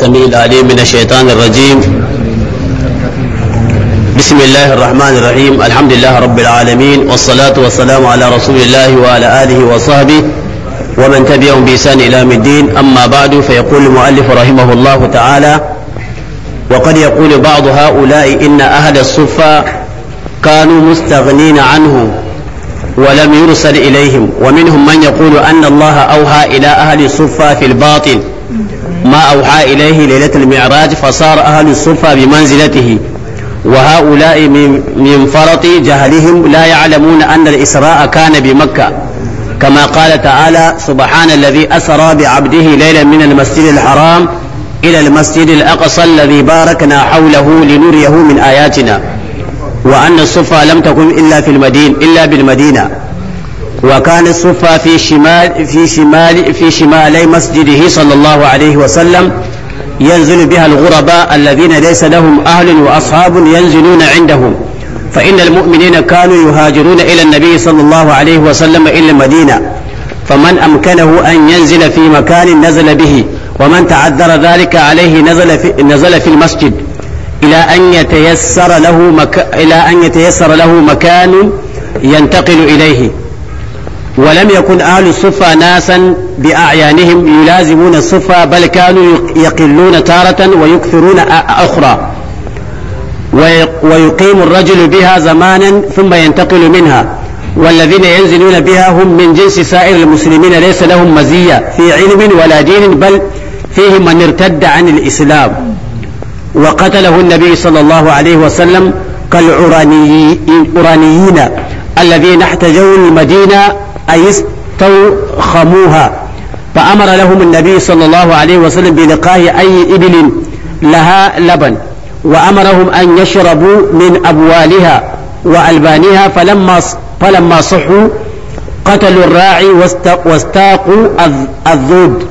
السميع العليم من الشيطان الرجيم بسم الله الرحمن الرحيم الحمد لله رب العالمين والصلاة والسلام على رسول الله وعلى آله وصحبه ومن تبعهم بإحسان إلى الدين أما بعد فيقول المؤلف رحمه الله تعالى وقد يقول بعض هؤلاء إن أهل الصفة كانوا مستغنين عنه ولم يرسل إليهم ومنهم من يقول أن الله أوهى إلى أهل الصفة في الباطن ما أوحى إليه ليلة المعراج فصار أهل الصفة بمنزلته وهؤلاء من فرط جهلهم لا يعلمون أن الإسراء كان بمكة كما قال تعالى سبحان الذي أسرى بعبده ليلا من المسجد الحرام إلى المسجد الأقصى الذي باركنا حوله لنريه من آياتنا وأن الصفة لم تكن إلا في المدينة إلا بالمدينة وكان الصفا في شمال في شمال في شمالي مسجده صلى الله عليه وسلم ينزل بها الغرباء الذين ليس لهم أهل وأصحاب ينزلون عندهم فإن المؤمنين كانوا يهاجرون إلى النبي صلى الله عليه وسلم إلى المدينة فمن أمكنه أن ينزل في مكان نزل به ومن تعذر ذلك عليه نزل في, نزل في المسجد إلى أن يتيسر له مك... إلى أن يتيسر له مكان ينتقل إليه ولم يكن أهل الصفة ناسا بأعيانهم يلازمون الصفة بل كانوا يقلون تارة ويكثرون أخرى ويقيم الرجل بها زمانا ثم ينتقل منها والذين ينزلون بها هم من جنس سائر المسلمين ليس لهم مزية في علم ولا دين بل فيهم من ارتد عن الإسلام وقتله النبي صلى الله عليه وسلم كالعرانيين الذين احتجوا المدينة أي استوخموها فأمر لهم النبي صلى الله عليه وسلم بلقاء أي إبل لها لبن وأمرهم أن يشربوا من أبوالها وألبانها فلما فلما صحوا قتلوا الراعي واستاقوا الذود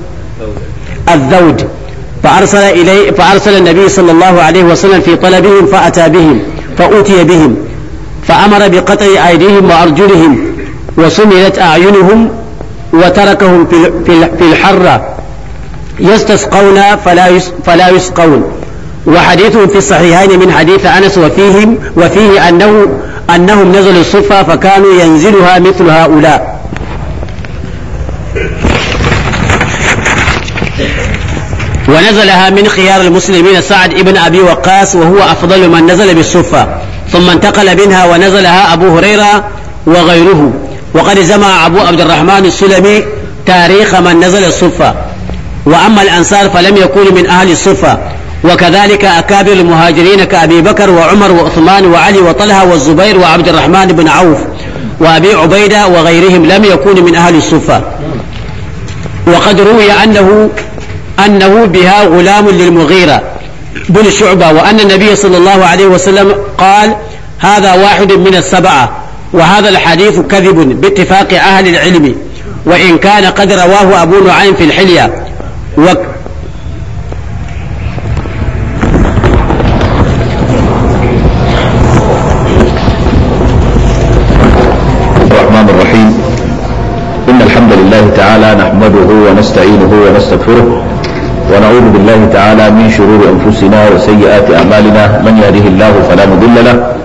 الذود فأرسل إليه فأرسل النبي صلى الله عليه وسلم في طلبهم فأتى بهم فأتي بهم فأمر بقطع أيديهم وأرجلهم وسملت أعينهم وتركهم في الحرة يستسقون فلا فلا يسقون وحديث في الصحيحين من حديث أنس وفيهم وفيه أنه أنهم نزلوا الصفة فكانوا ينزلها مثل هؤلاء ونزلها من خيار المسلمين سعد بن أبي وقاص وهو أفضل من نزل بالصفة ثم انتقل منها ونزلها أبو هريرة وغيره وقد زما أبو عبد الرحمن السلمي تاريخ من نزل الصفة وأما الأنصار فلم يكونوا من أهل الصفة وكذلك أكابر المهاجرين كأبي بكر وعمر وعثمان وعلي وطلحة والزبير وعبد الرحمن بن عوف وأبي عبيدة وغيرهم لم يكونوا من أهل الصفة وقد روي أنه أنه بها غلام للمغيرة بن شعبة وأن النبي صلى الله عليه وسلم قال هذا واحد من السبعة وهذا الحديث كذب باتفاق أهل العلم وإن كان قد رواه أبو نعيم في الحلية و الرحمن الرحيم إن الحمد لله تعالى نحمده ونستعينه ونستغفره ونعوذ بالله تعالى من شرور أنفسنا وسيئات أعمالنا من يهده الله فلا مضل له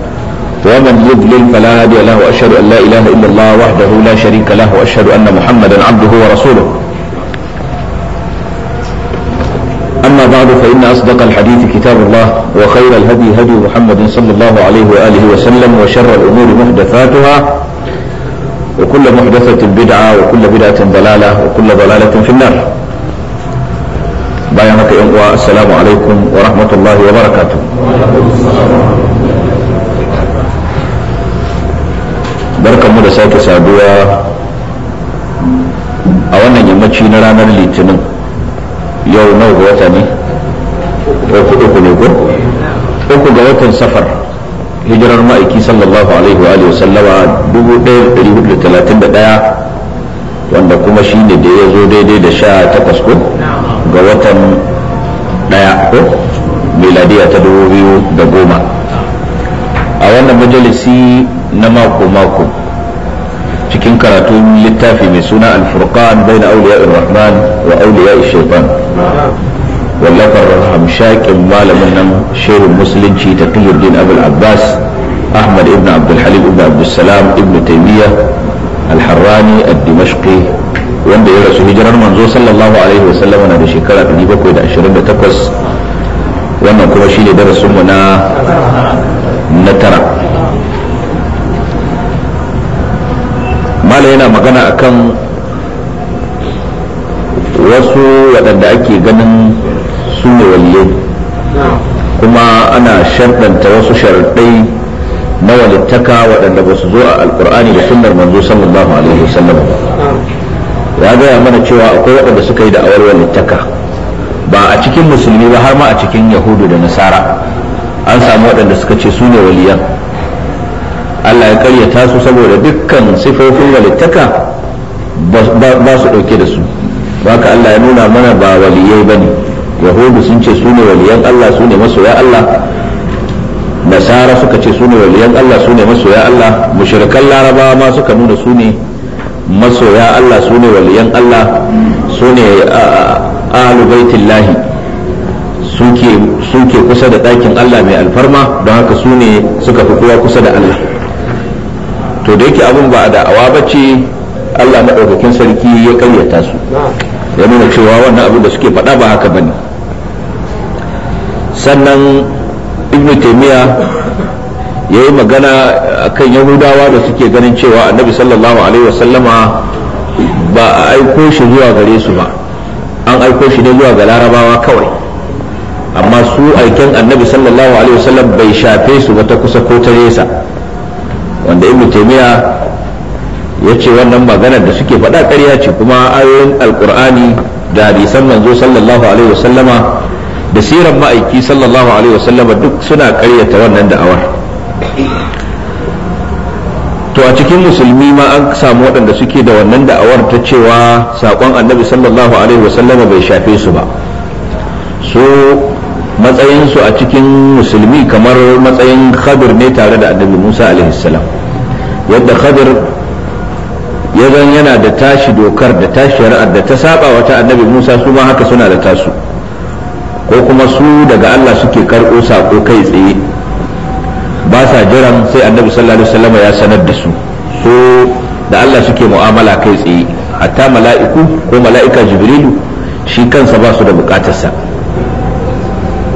ومن يضلل فلا هادي له واشهد ان لا اله الا الله وحده لا شريك له واشهد ان محمدا عبده ورسوله اما بعد فان اصدق الحديث كتاب الله وخير الهدي هدي محمد صلى الله عليه واله وسلم وشر الامور محدثاتها وكل محدثه بدعه وكل بدعه ضلاله وكل ضلاله في النار بايعك يا السلام عليكم ورحمه الله وبركاته mu da sake saduwa a wannan yammaci na ranar litinin yau nawa ga wata ne ko kudu ku ne ko uku ga watan safar hijirar ma'aiki sallallahu alaihi wa alihi sallama 1431 wanda kuma shi ne da ya zo daidai da sha takwas ko ga watan daya ko miladiya ta dubu biyu da goma a wannan majalisi na mako-mako cikin karatun littafi mai suna alfurkan bai na auliya rahman wa auliya shaitan wallafar hamshakin malamin nan shehun musulunci ta din abul abbas ahmad ibn abdulhalim ibn abdulsalam ibn taimiyya alharrani al wanda ya rasu hijirar manzo sallallahu alaihi wasallam na da shekara 728 wannan kuma shine darasinmu na na tara mala yana magana akan wasu waɗanda ake ganin su ne waliyai kuma ana sharɗanta wasu sharaɗai na walittaka waɗanda ba su zo a alƙur'ani da sunnar manzo sallallahu alaihi wasallam ya gaya mana cewa akwai waɗanda suka yi da'awar walittaka ba a cikin musulmi ba har ma a cikin yahudu da nasara an samu waɗanda suka ce su ne waliyan Allah ya karyata su saboda dukkan sifofin walittaka ba su ɗauke da su baka Allah ya nuna mana ba waliyai ba ne yahudu sun ce su ne waliyan Allah su ne masoya Allah nasara suka ce su ne waliyan Allah su ne masoya Allah mushrikan larabawa ma suka nuna su ne masoya Allah su ne waliyan Allah su ne ahlu baitillahi suke kusa da ɗakin Allah mai alfarma don haka su ne suka fi kowa kusa da Allah to da yake abin ba a da'awa ba ce Allah maɗaukakin sarki ya karyata su ya nuna cewa wannan abin da suke faɗa ba haka ba ne. sannan ibn taimiyya ya yi magana a kan yahudawa da suke ganin cewa annabi sallallahu alaihi wasallama ba a aiko shi zuwa gare su ba an aiko shi ne zuwa ga larabawa kawai amma su aiken annabi sallallahu alaihi wasallam bai shafe su ba ta kusa ko ta resa. wanda ibn taymiya yace wannan maganar da suke faɗa ƙarya ce kuma ayoyin alqur'ani da hadisan manzo sallallahu alaihi wasallama da sirar ma'aiki sallallahu alaihi wasallama duk suna ƙaryata wannan da'awar to a cikin musulmi ma an samu waɗanda suke da wannan da'awar ta cewa saƙon annabi sallallahu alaihi wasallama bai shafe su ba so matsayinsu a cikin musulmi kamar matsayin khadir ne tare da annabi musa salam yadda khadir ya zan yana da tashi dokar da tashi shari'ar da ta saba wata annabi musa su ma haka suna da tasu ko kuma su daga allah suke karɓo sako kai tsaye ba sa jiran sai annabi sallallahu alaihi wasallam ya sanar da su so da allah suke mu'amala kai tsaye hatta mala'iku ko mala'ika jibrilu shi kansa ba su da bukatarsa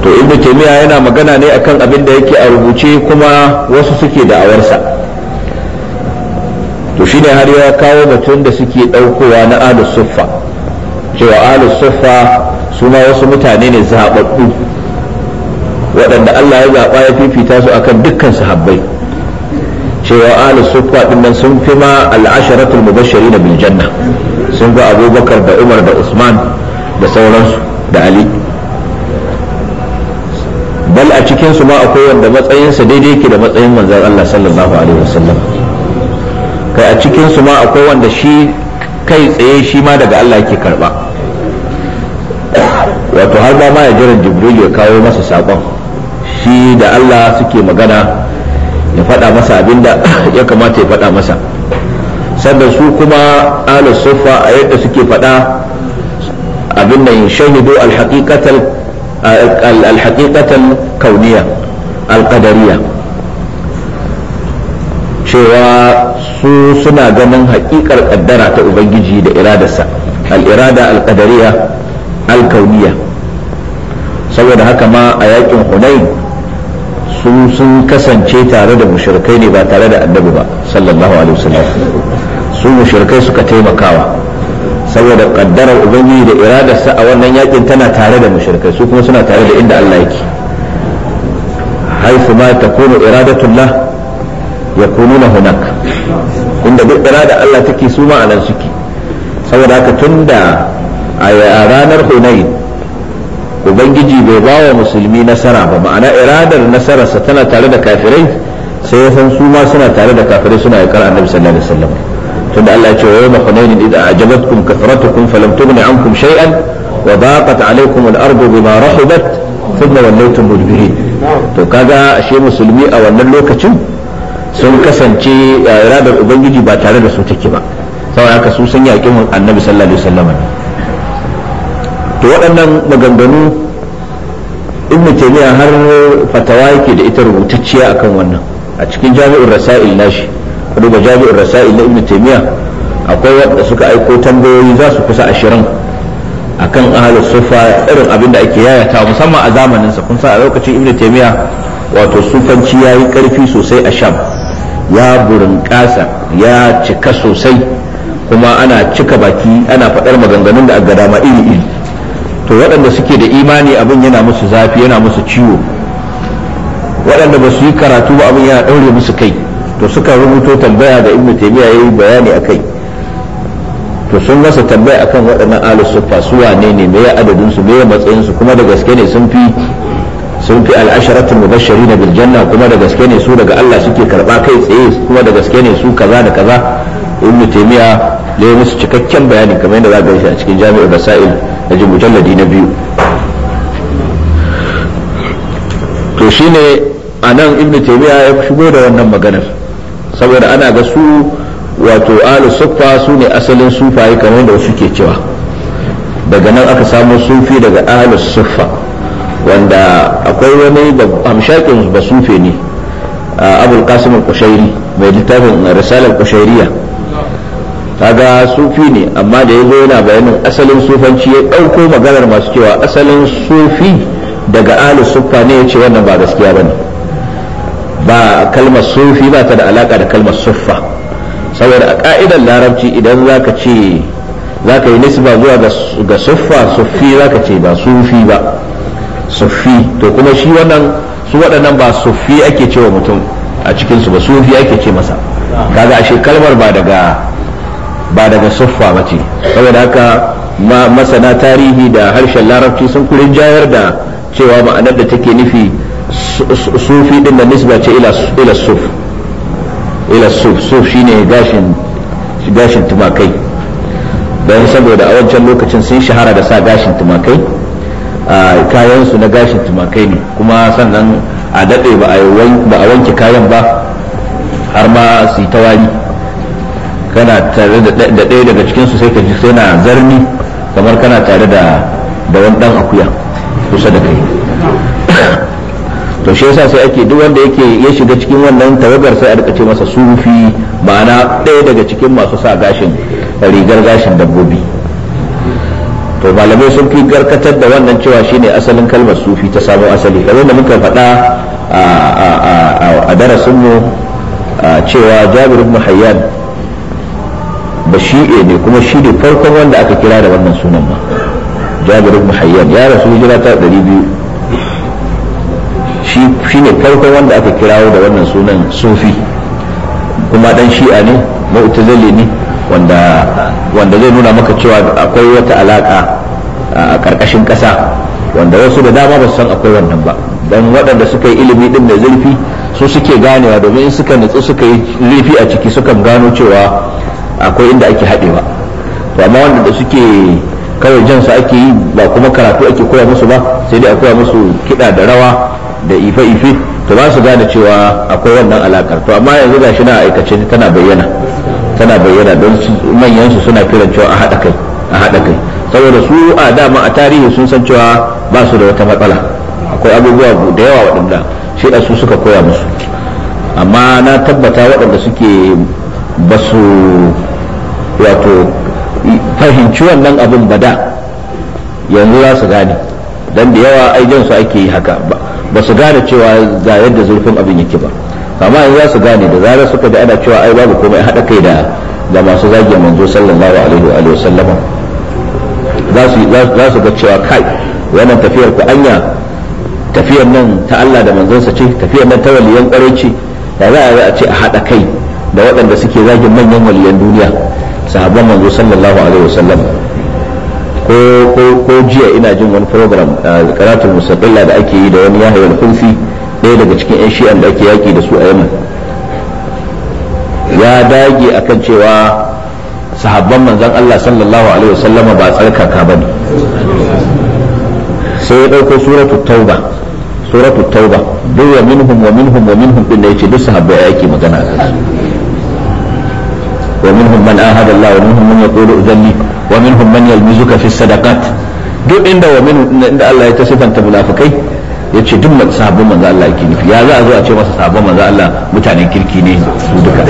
to ibnu taymiya yana magana ne akan abin da yake a rubuce kuma wasu suke da'awarsa to shine har ya kawo batun da suke daukowa na ahlus suffa cewa ahlus suffa su ma wasu mutane ne zababbu waɗanda Allah ya zaɓa ya fifita su akan dukkan sahabbai cewa ahlus suffa din nan sun fi ma al-asharatul mubashirin bil janna sun ga Abubakar da Umar da Usman da sauransu da Ali a cikin su ma akwai wanda matsayinsa daidai yake da matsayin manzon Allah sallallahu alaihi wasallam kai a cikin su ma akwai wanda shi kai tsaye shi ma daga Allah yake karba wato har ba ma ya jiran jibril ya kawo masa sakon shi da Allah suke magana ya faɗa masa abinda ya kamata ya faɗa masa sannan su kuma ahlus sufa a yadda suke faɗa abin da nan shahidu al-haqiqatal alhaƙiƙatan kauniya alƙadariya cewa su suna ganin haƙiƙar ƙaddara ta ubangiji da iradarsa al'irada alƙadariya alkauniya saboda haka ma a yakin hunain su sun kasance tare da mushrikai ne ba tare da annabi ba sallallahu alaihi wasallam su mushirikai suka taimakawa saboda kaddarar ubangiji da iradarsa a wannan yakin tana tare da mushrikai su kuma suna tare da inda Allah yake haifu ma takunu iradatullah yakununa hunak inda duk irada Allah take su ma anan suke saboda haka tunda a ranar Hunayn ubangiji bai ba wa musulmi nasara ba ma'ana iradar nasararsa tana tare da kafirai sai ya san su ma suna tare da kafirai suna yakar annabi sallallahu alaihi wasallam tunda Allah ya ce wa yawma hunainin idza ajabatkum kathratukum falam tughni ankum shay'an wa daqat alaykum al-ardu bima rahabat thumma wallaytum mudbirin to kaga ashe musulmi a wannan lokacin sun kasance iradar ubangiji ba tare da su take ba saboda haka su sun yaƙi annabi sallallahu alaihi wasallam to waɗannan maganganu ibnu taymiya har fatawa yake da ita rubutacciya akan wannan a cikin jami'ur rasail nashi kudu duba jami'in rasa'i na ibn taymiya akwai wanda suka aiko tambayoyi za su kusa ashirin akan ahalus sufa irin abin da ake yayata musamman a zamanin sa kun sa a lokacin ibn taymiya wato sufanci yayi karfi sosai a sham ya burin kasa ya cika sosai kuma ana cika baki ana faɗar maganganun da a dama iri iri to waɗanda suke da imani abin yana musu zafi yana musu ciwo waɗanda ba su yi karatu ba abin yana ɗaure musu kai to suka rubuto tambaya da ibnu taymiya yayi bayani akai to sun rasa tambaya akan waɗannan ahlus suffa su wane ne me ya adadin su me ya matsayin su kuma da gaske ne sun fi sun fi al'asharatu mubashirin bil janna kuma da gaske ne su daga Allah suke karba kai tsaye kuma da gaske ne su kaza da kaza ibnu taymiya yayi musu cikakken bayani kamar yadda za ga shi a cikin jami'ul basail da mujalladi na biyu to shine a nan ibn taymiya ya shigo da wannan maganar saboda ana ga su wato alu suffa su ne asalin sufaye kamar da wasu ke cewa daga nan aka samu sufi daga alu suffa wanda akwai wani amshakin ba sufe ne abul qasim kushairi mai littafin risalar ta ga sufi ne amma da ya zo yana bayanin asalin sufanci ya ɗauko maganar masu cewa asalin sufi daga alu suffa ne ya ce wannan ba gaskiya ba ne. ba kalmar sufi ba ta da alaka da kalmar suffa saboda a ka'idar larabci idan za ka ce za ka yi nisba zuwa ga suffa sufi ka ce ba sufi ba sufi to kuma shi wannan su waɗannan ba sufi ake wa mutum a cikinsu ba sufi ake ce masa kaga ashe kalmar ba daga ba daga suffa ba ce saboda haka masana tarihi da harshen larabci sun kurin jayar da cewa ma'anar da take nufi sufi din da nisba ce ila suf ila suf suf shine gashin gashin tumakai don saboda a wancan lokacin sun shahara da sa gashin tumakai kayan su na gashin tumakai ne kuma sannan a daɗe ba a wanke kayan ba har ma su yi tawari kana tare da ɗaya daga cikinsu sai ka ji sai na zarni kamar kana tare da wani ɗan akuya kusa da kai to shi yasa sai ake duk wanda yake ya shiga cikin wannan tawagar sai a rika ce masa sufi ma'ana ɗaya daga cikin masu sa gashin rigar gashin dabbobi to malamai sun fi garkatar da wannan cewa shine asalin kalmar sufi ta samo asali kamar da muka faɗa a darasinmu cewa jabir ibn hayyan bashi'e ne kuma shi ne farkon wanda aka kira da wannan sunan ma jabir ibn hayyan ya rasu hijira ta 200 shi ne farkon wanda aka kirawo da wannan sunan sufi kuma dan shi'a ne mu'tazili ne wanda wanda zai nuna maka cewa akwai wata alaka a karkashin kasa wanda wasu da dama ba su san akwai wannan ba dan waɗanda suka yi ilimi din da zurfi su suke ganewa domin in suka nutsu suka yi zurfi a ciki suka gano cewa akwai inda ake haɗewa to amma wanda da suke kawai jansa ake yi ba kuma karatu ake koya musu ba sai dai a koya musu kiɗa da rawa da ife-ife to ba su gane cewa akwai wannan alakar to amma yanzu gashi na aikace tana bayyana tana bayyana don manyan su suna kiran cewa a haɗa kai a hada kai saboda su a dama a tarihi sun san cewa ba su da wata matsala akwai abubuwa da yawa waɗanda shi su suka koya musu amma na tabbata waɗanda suke ba su wato fahimci wannan abin ba da yanzu za su gane don da yawa ai su ake yi haka ba su gane cewa ga yadda zurfin abin yake ba amma yanzu za su gane da zarar suka da ana cewa ai babu komai haɗa kai da da masu zagi manzo sallallahu alaihi wa sallama za su za su ga cewa kai wannan tafiyar ku anya tafiyar nan ta Allah da manzonsa ce tafiyar nan ta waliyan kwarai ce da za a ce a haɗa kai da waɗanda suke zagin manyan waliyan duniya sahabban manzo sallallahu alaihi wa sallama ko jiya ina jin wani program karatun uh, musabbala da ake yi da wani yahya al-khulfi ɗaya daga cikin yan shi'an da ake yaki da su a yamma ya dage akan cewa sahabban manzon Allah sallallahu alaihi wasallama ba tsarkaka bane sai ya ɗauko suratu tauba suratu tauba duk wa minhum wa minhum wa minhum din da yace duk sahabbai yake magana su wa minhum man ahada Allah wa minhum man yaqulu udhalli ومنهم من يلمزك في الصدقات sadaqat duk inda wa inda Allah ya ta sifanta munafikai yace duk man sahabban manzo Allah yake nufi ya za a zo a ce masa sabon manzo Allah mutanen kirki ne su duka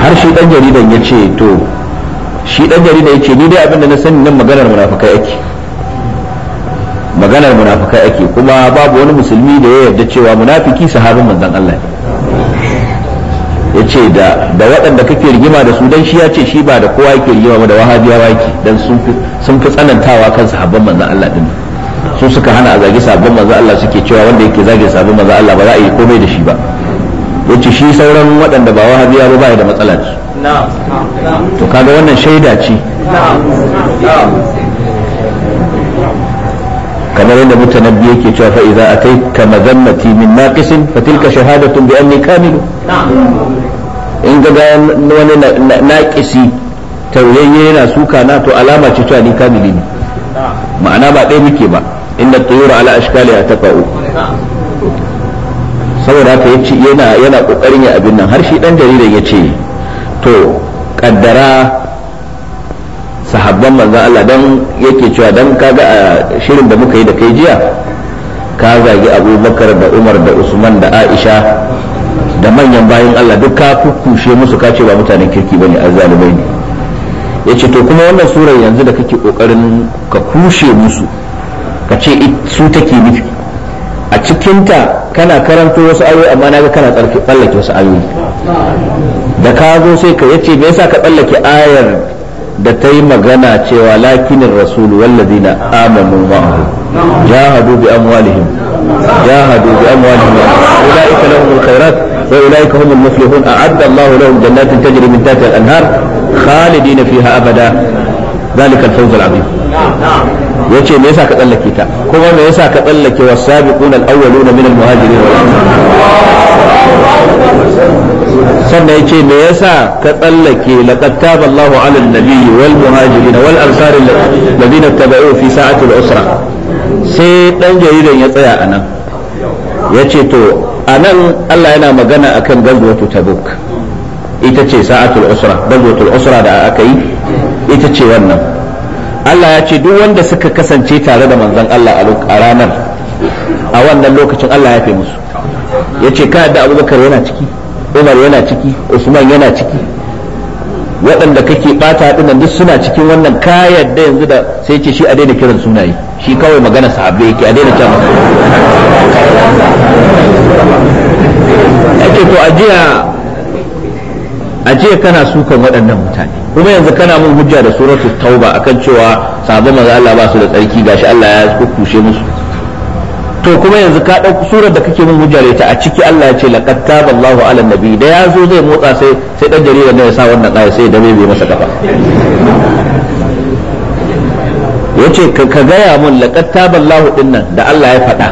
har shi dan jaridan yace to shi dan ya yace ni dai abinda na sani nan maganar munafikai yake maganar munafikai yake kuma babu wani musulmi da ya yarda cewa munafiki sahabin manzon Allah ne ya ce da waɗanda kake rigima da su dan shi ya ce shi ba da kowa yake rigima ba da wahabiyawa yake dan sun fi tsanantawa kan sahabban manzon Allah din su suka hana a zagi sahabban manzon Allah suke cewa wanda yake zagin sahabban manzon Allah ba za a yi komai da shi ba yace shi sauran waɗanda ba wahabiya ba ba da matsala ce to kaga wannan shaida ce kamar yadda mutanabbi yake cewa fa idza ataita mazannati min naqisin fa tilka shahadatun bi anni kamilu in ga wani naƙisi tauyayye yana suka na to alama ce cewa ni kamili ne ma'ana ba ɗaya muke ba inda tuyura ala ashkali a tafa'u saboda haka ya yana yana ya abin nan har shi dan jaridar ya ce to ƙaddara sahabban manzan Allah dan yake cewa dan ga a shirin da muka yi da kai jiya ka zagi abubakar da Umar da Usman da Aisha da manyan bayan Allah duk ka kukkushe musu ka ce ba mutanen kirki bane azzalumai ne yace to kuma wannan surar yanzu da kake kokarin ka kushe musu ka ce su take nufi a cikinta kana karanto wasu ayoyi amma naga kana tsallake wasu ayoyi da ka zo sai ka yace me yasa ka tsallake ayar da ta yi magana cewa lakinin rasul na amanu ma'ahu jahadu bi amwalihim jahadu bi amwalihim ulaika lahumul khairat وأولئك هم المفلحون أعد الله لهم جنات تجري من تحتها الأنهار خالدين فيها أبدا ذلك الفوز العظيم نعم يجي ميسا كتل لك كتاب كما ميسا كتل لك والسابقون الأولون من المهاجرين سنة يجي ميسا كتل لك لقد تاب الله على النبي والمهاجرين والأنصار الذين اتبعوه في ساعة العسرة. سيطان جيدا يطيع أنا يجي تو a nan Allah yana magana a akan gazwatu tabuk ita ce sa'atul usra gazwatul usra da aka yi ita ce wannan Allah ya ce duk wanda suka kasance tare da manzon Allah a ranar a wannan lokacin Allah ya fi musu ya ce ka da abubakar yana ciki umar yana ciki usman yana ciki waɗanda kake bata nan duk suna cikin wannan ka yadda yanzu da sai ce shi a daina kiran sunaye shi kawai magana sahabbai yake a daina ta ake to ajiya ajiya kana sukan waɗannan mutane kuma yanzu kana mun hujja da suratul tauba akan cewa sabon manzo Allah ba su da tsarki gashi Allah ya kukushe musu to kuma yanzu ka ɗauki surar da kake min hujjar ita a ciki Allah ya ce laqad taba Allahu ala nabi da ya zo zai motsa sai sai dan jarida ne ya sa wannan aya sai da bai masa kafa yace ka gaya mun laqad taba Allahu dinnan da Allah ya faɗa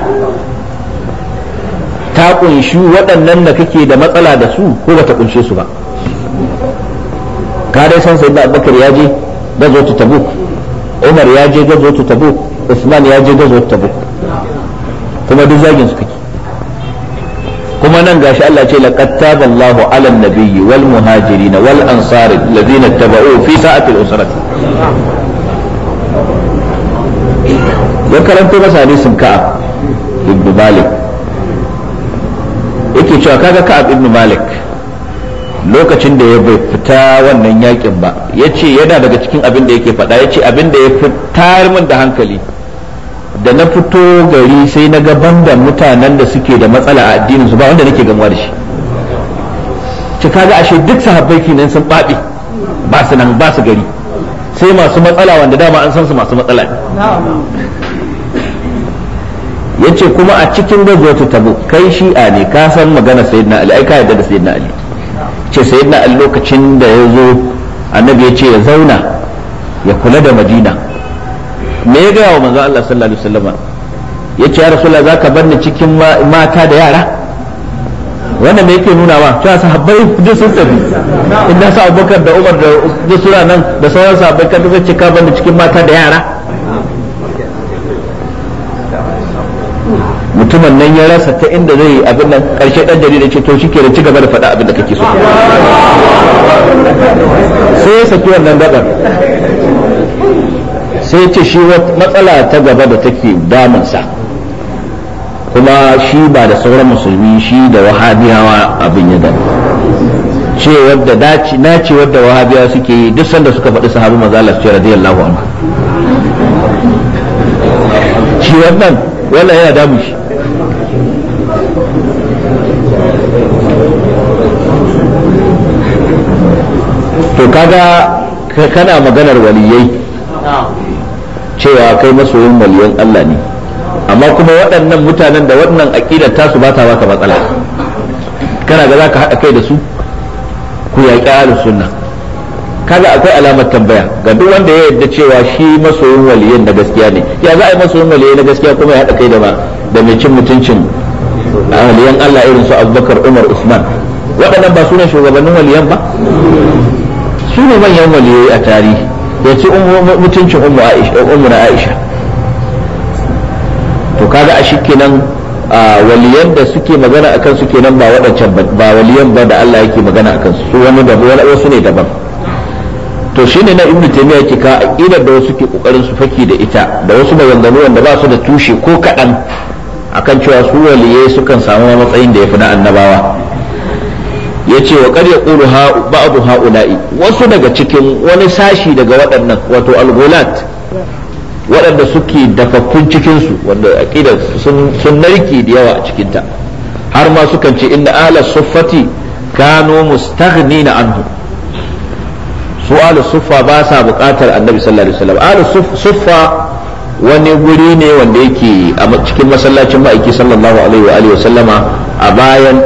ta kunshi waɗannan da kake da matsala da su ko bata kunshe su ba ka dai san sayyidina Abubakar ya je gazo ta Tabuk Umar ya je gazo ta Tabuk Usman ya je gazo ta Tabuk kuma duk zagin su kake kuma nan gashi Allah ce laqad taballahu ala nabiyyi wal muhajirin wal ansar alladhina tabau fi sa'ati al usrati ya karanto masa hadisin ka'ab ibn malik yake cewa kaga ka ibnu malik lokacin da ya bai fita wannan yakin ba yace yana daga cikin abin da yake faɗa ya ce abin da ya fi tayar min da hankali da na fito gari sai na gaban da mutanen da suke da matsala a addininsu ba wanda nake gamuwa da shi ci kaga ashe duk sahabbai nan sun babe ba su nan ba su gari sai masu matsala wanda dama an san su masu matsala ne yace kuma a cikin gazwatu tabu kai shi a ne ka san magana sayyidina ali ai ka yarda da sayyidina ali ce sayyidina ali lokacin da ya zo annabi ya ce ya zauna ya kula da madina me ya gaya wa manzo Allah sallallahu alaihi wasallam ya ce ya rasulullah zaka bar ni cikin mata da yara wannan me yake nuna wa to sahabbai duk sun tafi idan sa Abubakar da Umar da duk suna nan da sauran sahabbai kan zai cika bar ni cikin mata da yara mutumin nan ya rasa ta inda zai abin nan karshe dan jarida ce to shike da ci gaba da faɗa abin da kake so sai ya saki wannan gabar sai ce shi matsala ta gaba da take damunsa kuma shi ba da sauran musulmi shi da wahabiyawa abin ya damu ce wadda dace ce wadda wahabiyawa suke yi duk sanda suka faɗi sahabu maza Allah ce radiyallahu anhu shi wannan wannan yana damu shi to kaga kana maganar waliyai cewa kai masoyin waliyan Allah ne amma kuma waɗannan mutanen da wannan aƙidar tasu ba ta baka matsala kana ga zaka haɗa kai da su ku yaƙi ahlus sunna kaga akwai alamar tambaya ga duk wanda ya yarda cewa shi masoyin waliyan na gaskiya ne ya za a yi masoyin waliyan na gaskiya kuma ya haɗa kai da ma da mai cin mutuncin waliyan Allah irin su Abubakar Umar Usman waɗannan ba sunan shugabannin waliyan ba su ne manyan waliyoyi a tarihi ya ci mutuncin ummu na aisha to kaga a shi kenan waliyan da suke magana a kansu kenan ba waɗancan ba waliyan ba da Allah yake magana a kansu su wani da wasu ne daban to shine na ibnu taymiya yake ka aqidar da wasu ke kokarin su faki da ita da wasu maganganu wanda ba su da tushe ko kaɗan akan cewa su waliyai sukan samu matsayin da ya fi na annabawa ya ce wa qad yaqulu ha ba'du haula'i wasu daga cikin wani sashi daga waɗannan wato al-ghulat waɗanda suke dafaffun cikinsu wanda aqidar sun sun narki da yawa a cikin ta har ma sukan ce inda ala suffati kanu na anhu su ala suffa ba sa buƙatar annabi sallallahu alaihi wasallam ala suffa wani guri ne wanda yake a cikin masallacin ma'aiki sallallahu alaihi wa sallama a bayan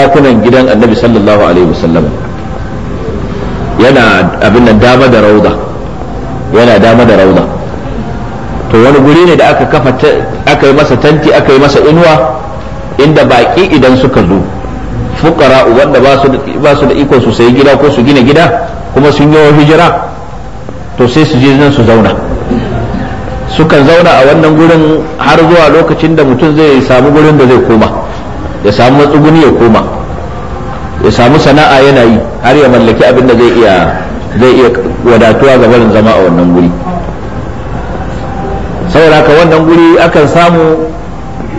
dakunan gidan annabi sallallahu alaihi wasallam yana abin nan dama da rauda yana dama da rauda to wani guri ne da aka kafa aka yi masa tanti aka yi masa inuwa inda baki idan suka zo fukara wanda ba su da iko su sayi gida ko su gina gida kuma sun yi hijira to sai su je nan su zauna sukan zauna a wannan gurin har zuwa lokacin da mutum zai samu gurin da zai koma ya samu matsuguni ya koma ya samu sana'a yana yi har ya mallaki abin da zai iya zai iya wadatuwa ga barin zama a wannan guri saboda haka wannan guri akan samu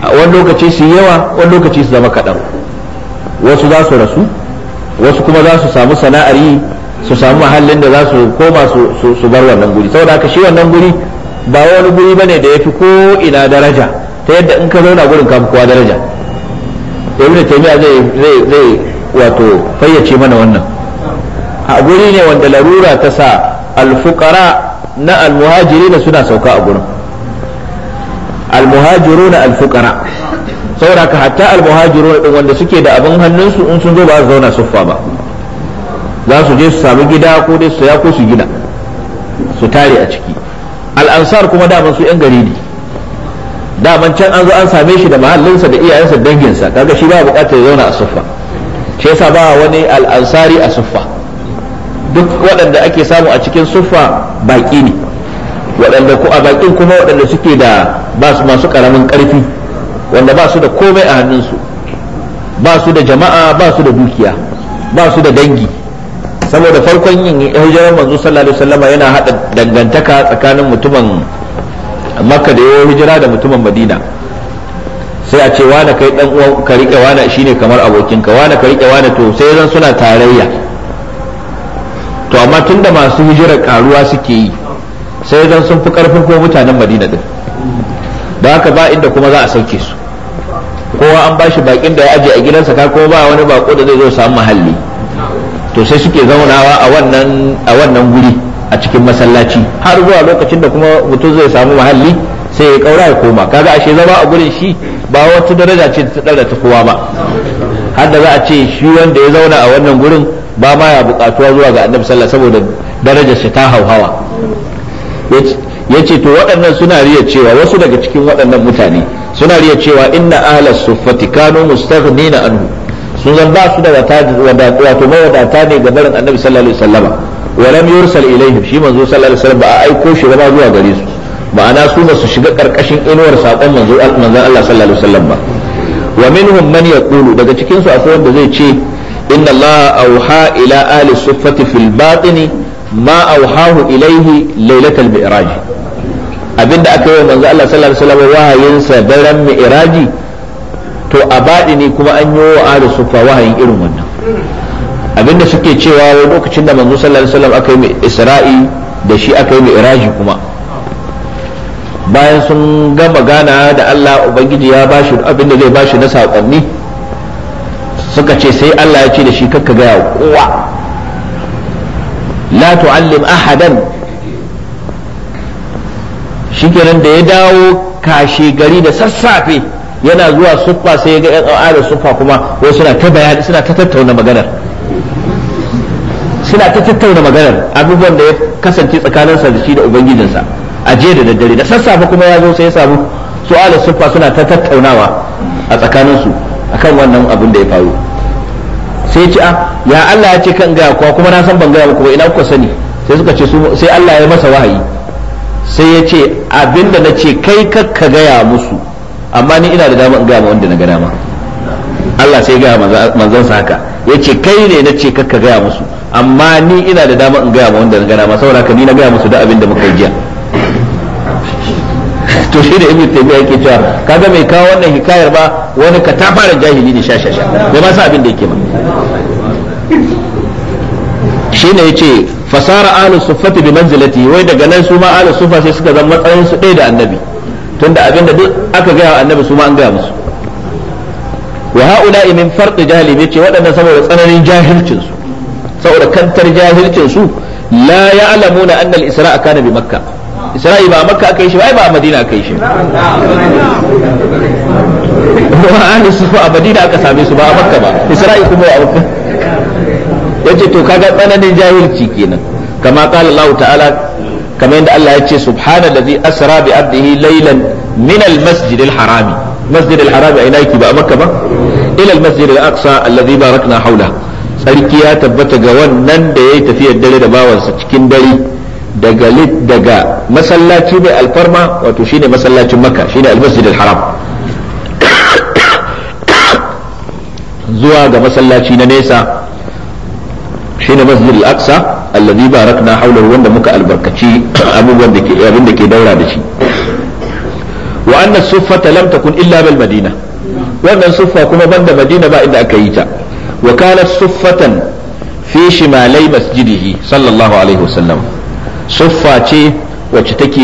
wani lokaci su yawa wani lokaci su zama kaɗan wasu za su rasu wasu kuma za su samu sana'ar yi su samu mahallin da za su koma su bar wannan guri saboda haka shi wannan guri ba wani guri bane da ya fi ko ina daraja ta yadda in ka zauna gurin ka kowa daraja ibn taymiya zai zai zai wato fayyace mana wannan a guri ne wanda larura ta sa alfukara na almuhajirina suna sauka a gurin na alfukara saboda ka hatta almuhajiruna din wanda suke da abin hannunsu in sun zo ba su zauna suffa ba za su je su sami gida ko dai su ya ko su gina su tare a ciki al'ansar kuma daman su 'yan gari ne daman can an zo an same shi da mahallinsa da iyayensa danginsa kaga shi ba bukatar ya zauna a suffa shi yasa ba wani al'ansari a suffa duk waɗanda ake samu a cikin suffa baƙi ne waɗanda ku a baƙin kuma waɗanda suke da ba su masu ƙaramin ƙarfi wanda ba su da komai a hannunsu ba su da jama'a ba su da dukiya ba su da dangi saboda farkon yin hijirar manzo sallallahu alaihi wasallama yana hada dangantaka tsakanin mutumin makka da ya hijira da mutumin madina sai a ce wane kai dan uwan ka rike wane shine kamar abokinka wane ka rike wane to sai zan suna tarayya to amma tunda masu hijira karuwa suke yi sai zan sun fi karfin ko mutanen Madina din da haka ba inda kuma za a sauke su kowa an bashi bakin da ya aje a gidansa ka kuma ba wani bako da zai zo samu mahalli to sai suke zaunawa a wannan a wannan guri a cikin masallaci har zuwa lokacin da kuma mutum zai samu mahalli sai ya kaura ya koma kaga ashe zama a gurin shi ba wata daraja ce ta tsara ta kowa ba hadda za a ce shi wanda ya zauna a wannan gurin ba ma ya buƙatuwa zuwa ga annabi sallah saboda darajar shi ta hauhawa ya ce to waɗannan suna riya cewa wasu daga cikin waɗannan mutane suna riya cewa inna ahlas suffati kanu mustaghnina anhu sun zan ba su da wato mai wadata ne ga barin annabi sallallahu alaihi wasallama wa lam yursal ilaihim shi manzo sallallahu alaihi wasallam ba a aiko shi ba zuwa gare su ma'ana su ba su shiga ƙarƙashin inuwar sakon manzo Allah sallallahu alaihi wasallam ba wa minhum man yaqulu daga cikin su akwai wanda zai ce inna Allah auha ila ali suffati fil batini ma auhahu ilaihi laylatal mi'raj abinda aka yi manzo Allah sallallahu alaihi wasallam wahayin sa daren mi'raji to a baɗini kuma an yi wa ahli suffa wahayin irin wannan abinda suke cewa wani lokacin da manzo sallallahu alaihi wasallam aka yi isra'i da shi aka yi mi'raji kuma bayan sun gama gana da Allah ubangiji ya bashi abin da zai bashi na saƙonni suka ce sai Allah ya ce da shi kakka gaya kowa la tu'allim ahadan shikenan da ya dawo kashe gari da sassafe yana zuwa suffa sai ya ga yan al'adar suffa kuma wai suna ta bayani suna ta tattauna maganar suna ta tattauna maganar abubuwan da ya kasance tsakaninsa da shi da ubangijinsa a da daddare da sassafe kuma ya zo sai ya samu su ala sufa suna ta tattaunawa a tsakaninsu akan wannan abin da ya faru sai ci a ah, ya Allah ya ce kan gaya kuwa kuma na san ban gaya muku ba ina kuka sani sai suka ce sai Allah ya masa wahayi sai ya ce abinda na ce kai kakka gaya musu amma ni ina da dama in gaya ma wanda na ga dama Allah sai gaya manzon sa haka ya ce kai ne na ce kakka gaya musu amma ni ina da dama in gaya ma wanda na ga dama saboda haka ni na gaya musu da abinda muka yi jiya to shi da ibnu taymiya yake cewa kaga mai kawo wannan hikayar ba wani katafaren jahili ne shashasha bai ba sa abin da yake ba shine yace fasara ahlu suffati bi manzilati wai daga nan su ma ahlu suffa sai suka zama matsayin su ɗaya da annabi tunda abin da duk aka gaya wa annabi su ma an gaya musu wa haula min farq jahili yace waɗannan saboda tsananin jahilcin su saboda kantar jahilcin su la ya'lamuna anna al-isra'a kana bi makkah isra'i ba makka aka yi shi ba ai ba a madina aka yi shi ba ahli a madina aka same su ba a makka ba isra'i kuma a makka yace to kaga tsananin jahilci kenan kama qala Allah ta'ala kamar yadda Allah ya ce subhana subhanallazi asra bi abdihi laylan min al-masjidil harami masjidil harami a ina yake ba a makka ba ila al-masjidil aqsa allazi barakna hawlahu sarki ya tabbata ga wannan da ya yi tafiyar dare da bawansa cikin dare daga daga masallaci mai alfarma wato shine masallacin makka shine almasjid haram zuwa ga masallaci na nesa shine masjid al-aqsa alladhi barakna hawlahu wanda muka albarkaci abubuwan da ke abin da ke daura da shi wa anna suffata lam takun illa bil madina wannan suffa kuma banda madina ba inda aka yi ta wa kanat suffatan fi shimalai masjidihi sallallahu alaihi wasallam suffa ce wacce take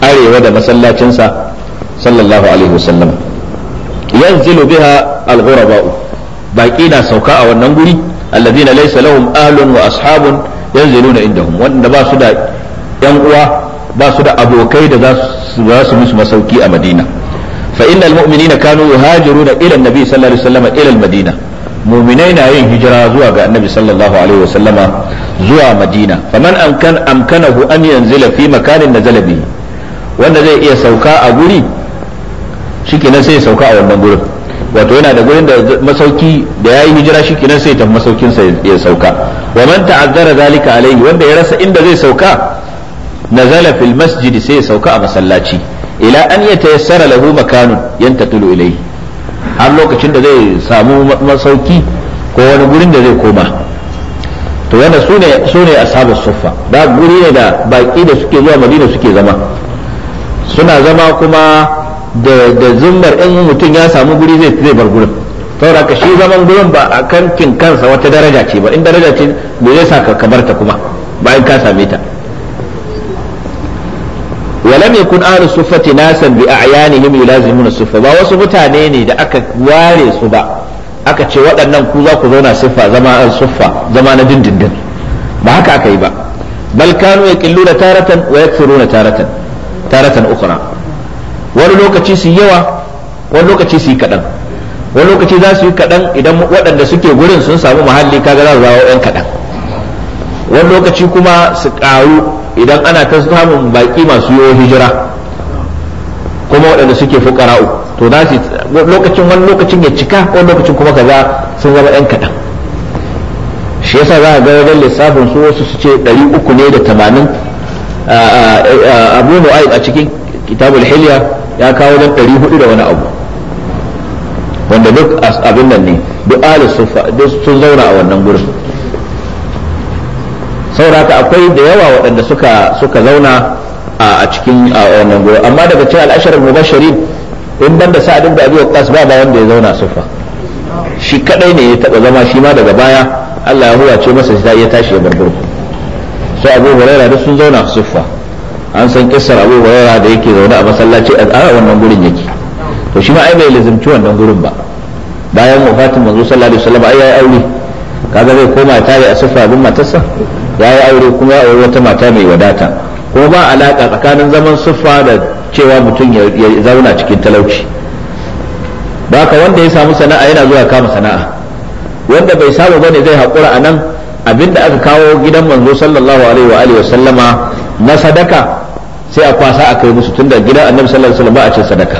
arewa da masallacinsa sallallahu alaihi wasallam yanzilu biha al-ghuraba'u baki na sauka a wannan guri alladhina laysa lahum ahlun wa ashabun yanziluna indahum wanda ba su da yan uwa ba su da abokai da za su musu masauki a madina fa innal mu'minina kanu yuhajiruna ila an-nabi sallallahu alaihi wasallam ila al-madina muminai na yin hijira zuwa ga annabi sallallahu alaihi wasallama zuwa madina faman amkan amkanahu an yanzila fi makanin nazala bihi wanda zai iya sauka a guri shikenan sai ya sauka a wannan gurin wato yana da gurin da masauki da yayi hijira shikenan sai ta masaukin sa ya sauka wa man ta'azzara zalika alaihi wanda ya rasa inda zai sauka nazala fil masjid sai ya sauka a masallaci ila an yatayassara lahu makanun yantaqilu ilayhi har lokacin da zai samu masauki ko wani gurin da zai koma to su ne a sabon suffa da guri ne da baki da suke zuwa madina suke zama suna zama kuma da zumbar zimmar in mutum ya samu guri zai bar gurin saboda ka shi zaman gurin ba a kankin kansa wata daraja ce ba in daraja ce me zai sa ka kabarta kuma bayan ka same ta ولم يكن أهل الصفة ناسا بأعيانهم يلازمون الصفة ba wasu mutane ne da aka ware su ba aka ce waɗannan ku za ku zauna siffa siffa zama na dindindin ba haka aka yi ba bal kanu yaqilluna taratan wa yakthuruna taratan taratan wani lokaci su kaɗan idan waɗanda suke gurin sun samu muhalli kaga za 'yan kaɗan wani lokaci kuma su ƙaru idan ana ta samun baƙi masu yiwo hijira kuma waɗanda suke fukara'u to za su lokacin wani lokacin ya cika wani lokacin kuma kaza sun zama ɗan kaɗan shi yasa za a ga wajen lissafin su wasu su ce ɗari uku ne da tamanin abu nu'aib a cikin kitabul hilya ya kawo dan ɗari hudu da wani abu wanda duk abin nan ne duk alis sun zauna a wannan gurin saurata akwai da yawa waɗanda suka suka zauna a cikin wannan goyo amma daga cikin al'asharar mubashirin in banda sa'ad ibn abi waqqas ba ba wanda ya zauna sufa shi kadai ne ya taba zama shi ma daga baya Allah ya huwa ce masa sai ya tashi ya barbar su Abu Hurairah da sun zauna sufa an san kissar Abu Hurairah da yake zaune a masallaci a wannan gurin yake to shi ma ai bai lazimci wannan gurin ba bayan wafatin manzo sallallahu alaihi wasallam ai ya aure kaga zai koma tare a sufa bin matarsa ya yi aure kuma ya aure wata mata mai wadata kuma ba alaka tsakanin zaman siffa da cewa mutum ya zauna cikin talauci ba ka wanda ya samu sana'a yana zuwa kama sana'a wanda bai samu bane zai haƙura a nan abinda aka kawo gidan manzo sallallahu alaihi wa alihi sallama na sadaka sai a kwasa a kai musu tunda gidan annabi sallallahu alaihi wasallam ba a ce sadaka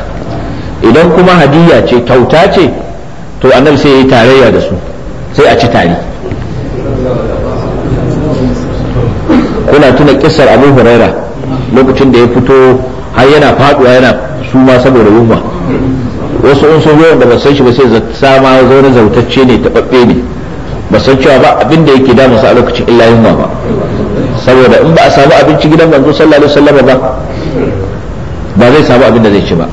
idan kuma hadiyya ce kyauta ce to annabi sai ya yi tarayya da su sai a ci tare kuna tuna kisar abu huraira lokacin da ya fito har yana faduwa yana suma saboda yunwa wasu in sun zo da ba san shi ba sai sama zaune zautacce ne taɓaɓɓe ne ba san cewa ba abin da yake da masa a lokacin illa yunwa ba saboda in ba a samu abinci gidan manzo sallallahu alaihi wasallam ba ba zai samu abin da zai ci ba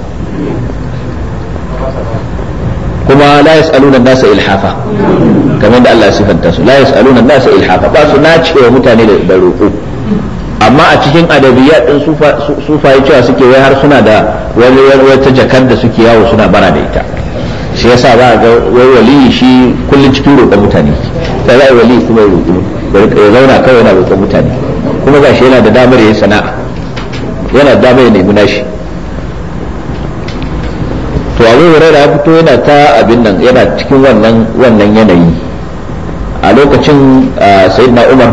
kuma la yas'aluna nasa ilhafa kamar da Allah ya sifanta su la yas'aluna nasa ilhafa ba su nace wa mutane da roƙo amma a cikin adabiyat din sufaye cewa suke wai har suna da wani wata jakar da suke yawo suna bara da ita shi yasa ba ga wai wali shi kullun cikin roƙon mutane sai za wali kuma ya ya zauna kawai yana roƙon mutane kuma ga shi yana da damar ya sana'a yana da damar ya nemi nashi to abu hurairah ya fito yana ta abin nan yana cikin wannan wannan yanayi a lokacin ah, sayyidina umar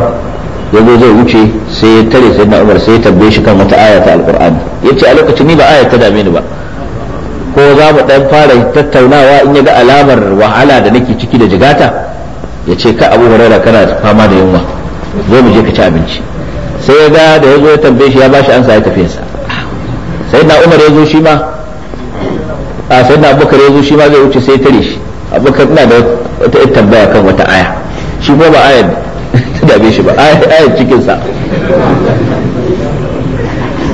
ya zai wuce sai ya tare sai na umar sai ya tabbe shi kan wata aya ta ya ce a lokacin ni ba aya ta dame ni ba ko za mu dan fara tattaunawa in ya ga alamar wahala da nake ciki da jigata ya ce ka abu huraira kana fama da yunwa zo mu je ka ci abinci sai ya ga da ya zo ya tabbe shi ya bashi ansa ya tafi sa sai na umar ya zo shi ma a sai na abubakar ya zo shi ma zai wuce sai ya tare shi abubakar ina da wata tambaya kan wata aya shi ba aya dame shi ba ayat cikin sa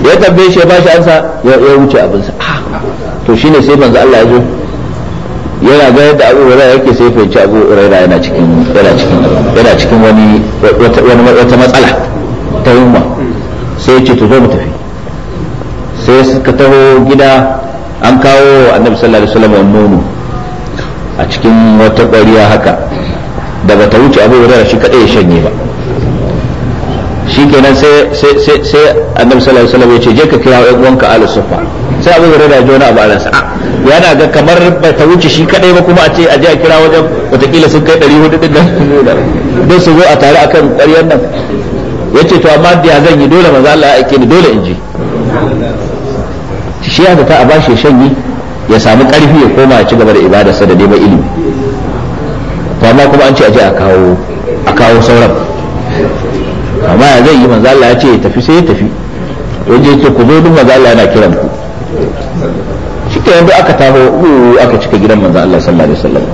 ya tambaye shi ya bashi ansa ya wuce abin sa ah, to shine sai manzo Allah ya zo yana ga yadda Abu Hurairah yake sai fahimci Abu Hurairah yana cikin yana cikin yana cikin wani wata matsala ta yunwa sai yace ce to zo mu tafi sai suka taho gida an kawo annabi sallallahu alaihi wasallam nono a cikin wata ƙwariya haka da bata wuce abubuwa da shi kadai ya shanye ba shikenan sai sai sai annabi sallallahu alaihi wasallam ya ce je ka kira ɗan uwanka ala sufa sai abu da ya wani abu a ya yana ga kamar ba ta wuce shi kadai ba kuma a ce a je a kira wajen watakila sun kai dari hudu nan don su zo a tare a kan ƙaryar nan yace to amma da zan yi dole maza Allah ya aike ni dole in ji shi ya ta a bashi shanyi ya samu karfi ya koma ya ci gaba da ibadarsa da neman ilimi to amma kuma an ce je a kawo a kawo sauran amma ya zai yi manzo Allah ya ce ya tafi sai ya tafi waje ce ku zo duk manzo Allah yana kiran ku shike yanzu aka taho aka cika gidan manzo Allah sallallahu alaihi wasallam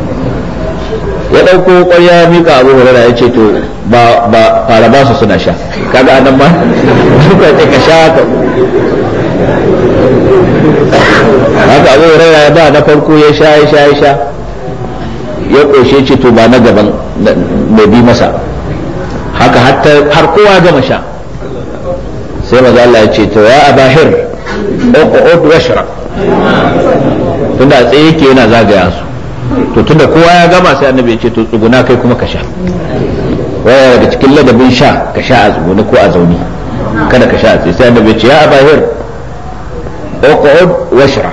ya dauko ƙwarya mika Abu Hurairah ya ce to ba ba fara ba su suna sha kaga anan ma suka ce ka sha ka haka Abu Hurairah ya ba na farko ya sha ya sha ya sha ya koshe ce to ba na gaban da bi masa haka har kowa gama sha sai maza Allah ya ce to ya abahir ya shirar tunda a tsaye yake yana zagaya su to tunda kowa ya gama sai annabi ya ce to tsuguna kai kuma ka sha waya daga cikin ladabin sha ka sha a tsuguna ko a zauni kada ka sha a tsaye sai annabi ya ce ya abahir uqud washrab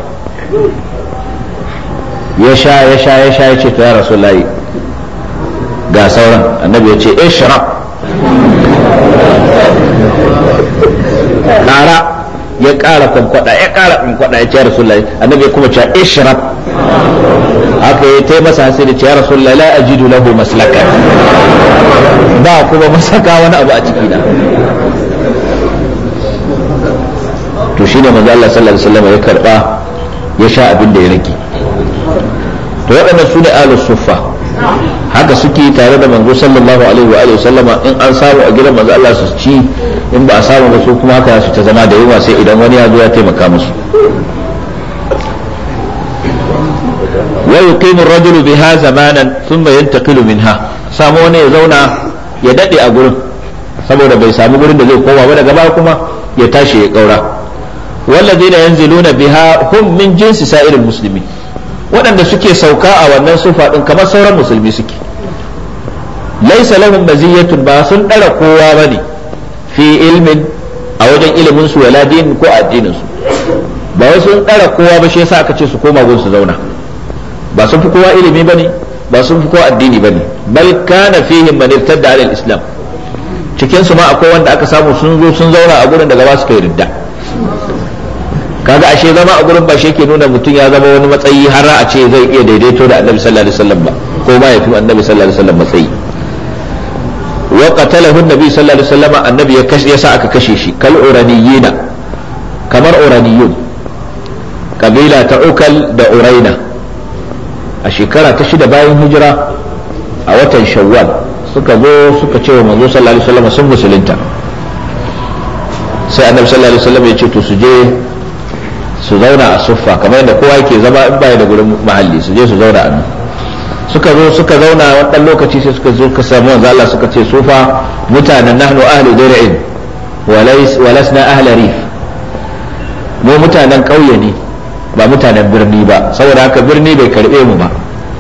ya sha ya sha ya sha ya ce to ya rasu layi ga sauran annabi ya ce ishrab ƙara ya ƙara kwankwada ya ƙara kwankwada ya ce rasulullahi annabi ya kuma ce ishrab aka yi tai masa hasiri ce rasulullahi la ajidu lahu maslaka ba kuma masaka wani abu a ciki na to shine manzo Allah sallallahu alaihi wasallam ya karba ya sha abin da ya rage to waɗannan su ne ahlus suffa haka suke tare da manzo sallallahu alaihi wa alihi wasallama in an samu a gidan manzo Allah su ci in ba a samu ba kuma haka su ta zama da yunwa sai idan wani ya zo ya taimaka musu wa yuqimu ar-rajulu biha zamanan thumma yantaqilu ha samu wani ya zauna ya dade a gurin saboda bai sami gurin da zai koma ba daga baya kuma ya tashi ya kaura walladheena yanziluna biha hum min jinsi sa'iril musulmi. waɗanda suke sauka a wannan sufa din kamar sauran musulmi suke laysa lahum maziyatun ba sun ɗara kowa ba ne. fi ilmin a wajen ilimin su wala din ko addinin su ba wai sun tsara kowa ba shi yasa aka ce su koma gun zauna ba sun fi kowa ilimi bane ba sun fi kowa addini bane bal kana fihim man irtadda ala islam cikin su ma akwai wanda aka samu sun zo sun zauna a gurin daga ba su kai ridda kaga ashe zama a gurin ba shi yake nuna mutum ya zama wani matsayi har a ce zai iya daidaito da annabi sallallahu alaihi wasallam ba ko ba ya fi annabi sallallahu alaihi wasallam matsayi wa qatalahu annabi sallallahu alaihi wasallam annabi ya kashe aka kashe shi kal uraniyina kamar uraniyun kabila ta ukal da uraina a shekara ta shida bayan hijira a watan shawwal suka zo suka ce wa manzo sallallahu sun musulunta sai annabi sallallahu alaihi ya ce to su je su zauna a suffa kamar yadda kowa yake zama in baya da gurin mahalli su je su zauna a suka zo suka zauna wani lokaci sai suka zo ka samu wanzu Allah suka ce sufa mutanen nahnu ahli dir'in na ahli rif mu mutanen ƙauye ne ba mutanen birni ba saboda haka birni bai karbe mu ba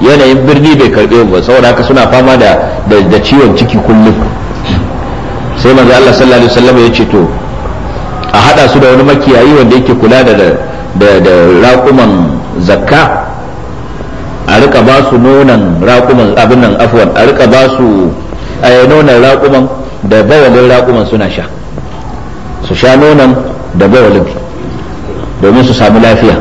yanayin birni bai karbe mu ba saboda haka suna fama da da ciwon ciki kullum sai manzo Allah sallallahu alaihi wasallam ya ce to a hada su da wani makiyayi wanda yake kula da da da raƙuman zakka a rika ba su nonan raƙuman abin nan afwan a rika ba su nonan raƙuman da bawalin raƙuman suna sha su sha nonan da bawalin domin su samu lafiya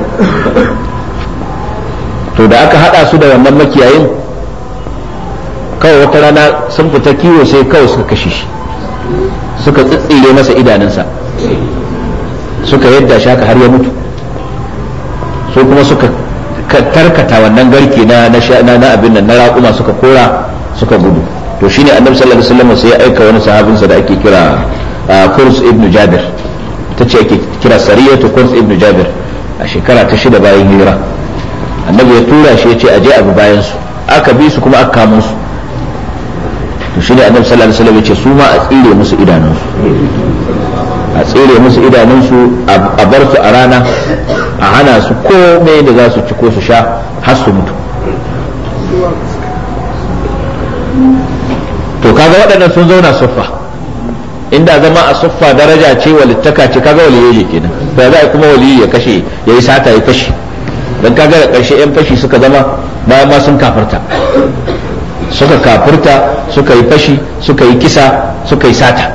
to da aka hada su da wannan makiyayin kawai wata rana sun fita kiwo sai kawai suka kashe shi suka tsitsire masa idanunsa suka yadda shaka har ya mutu su kuma suka tarkata wannan garke na na abin nan na raƙuma suka kora suka gudu to shine annabi sallallahu alaihi wasallam sai ya aika wani sahabinsa da ake kira Qurs ibn Jabir tace ake kira Sariyatu Qurs ibn Jabir a shekara ta shida bayan hijira annabi ya tura shi ya ce aje abu bayan su aka bi su kuma aka kamo su to shine annabi sallallahu alaihi wasallam ya ce su ma a tsire musu idanunsu a tsire musu idanunsu a bar su a rana a hana su komai da za su ci ko su sha har su mutu to kaga waɗannan sun zauna suffa inda zama a suffa daraja ce walittaka ce kaga waliyyi kenan ba za a kuma waliyyi ya kashe ya yi sata ya fashi don kaga da ƙarshe 'yan fashi suka zama bayan ma sun kafarta suka kafarta suka yi fashi suka yi kisa suka yi sata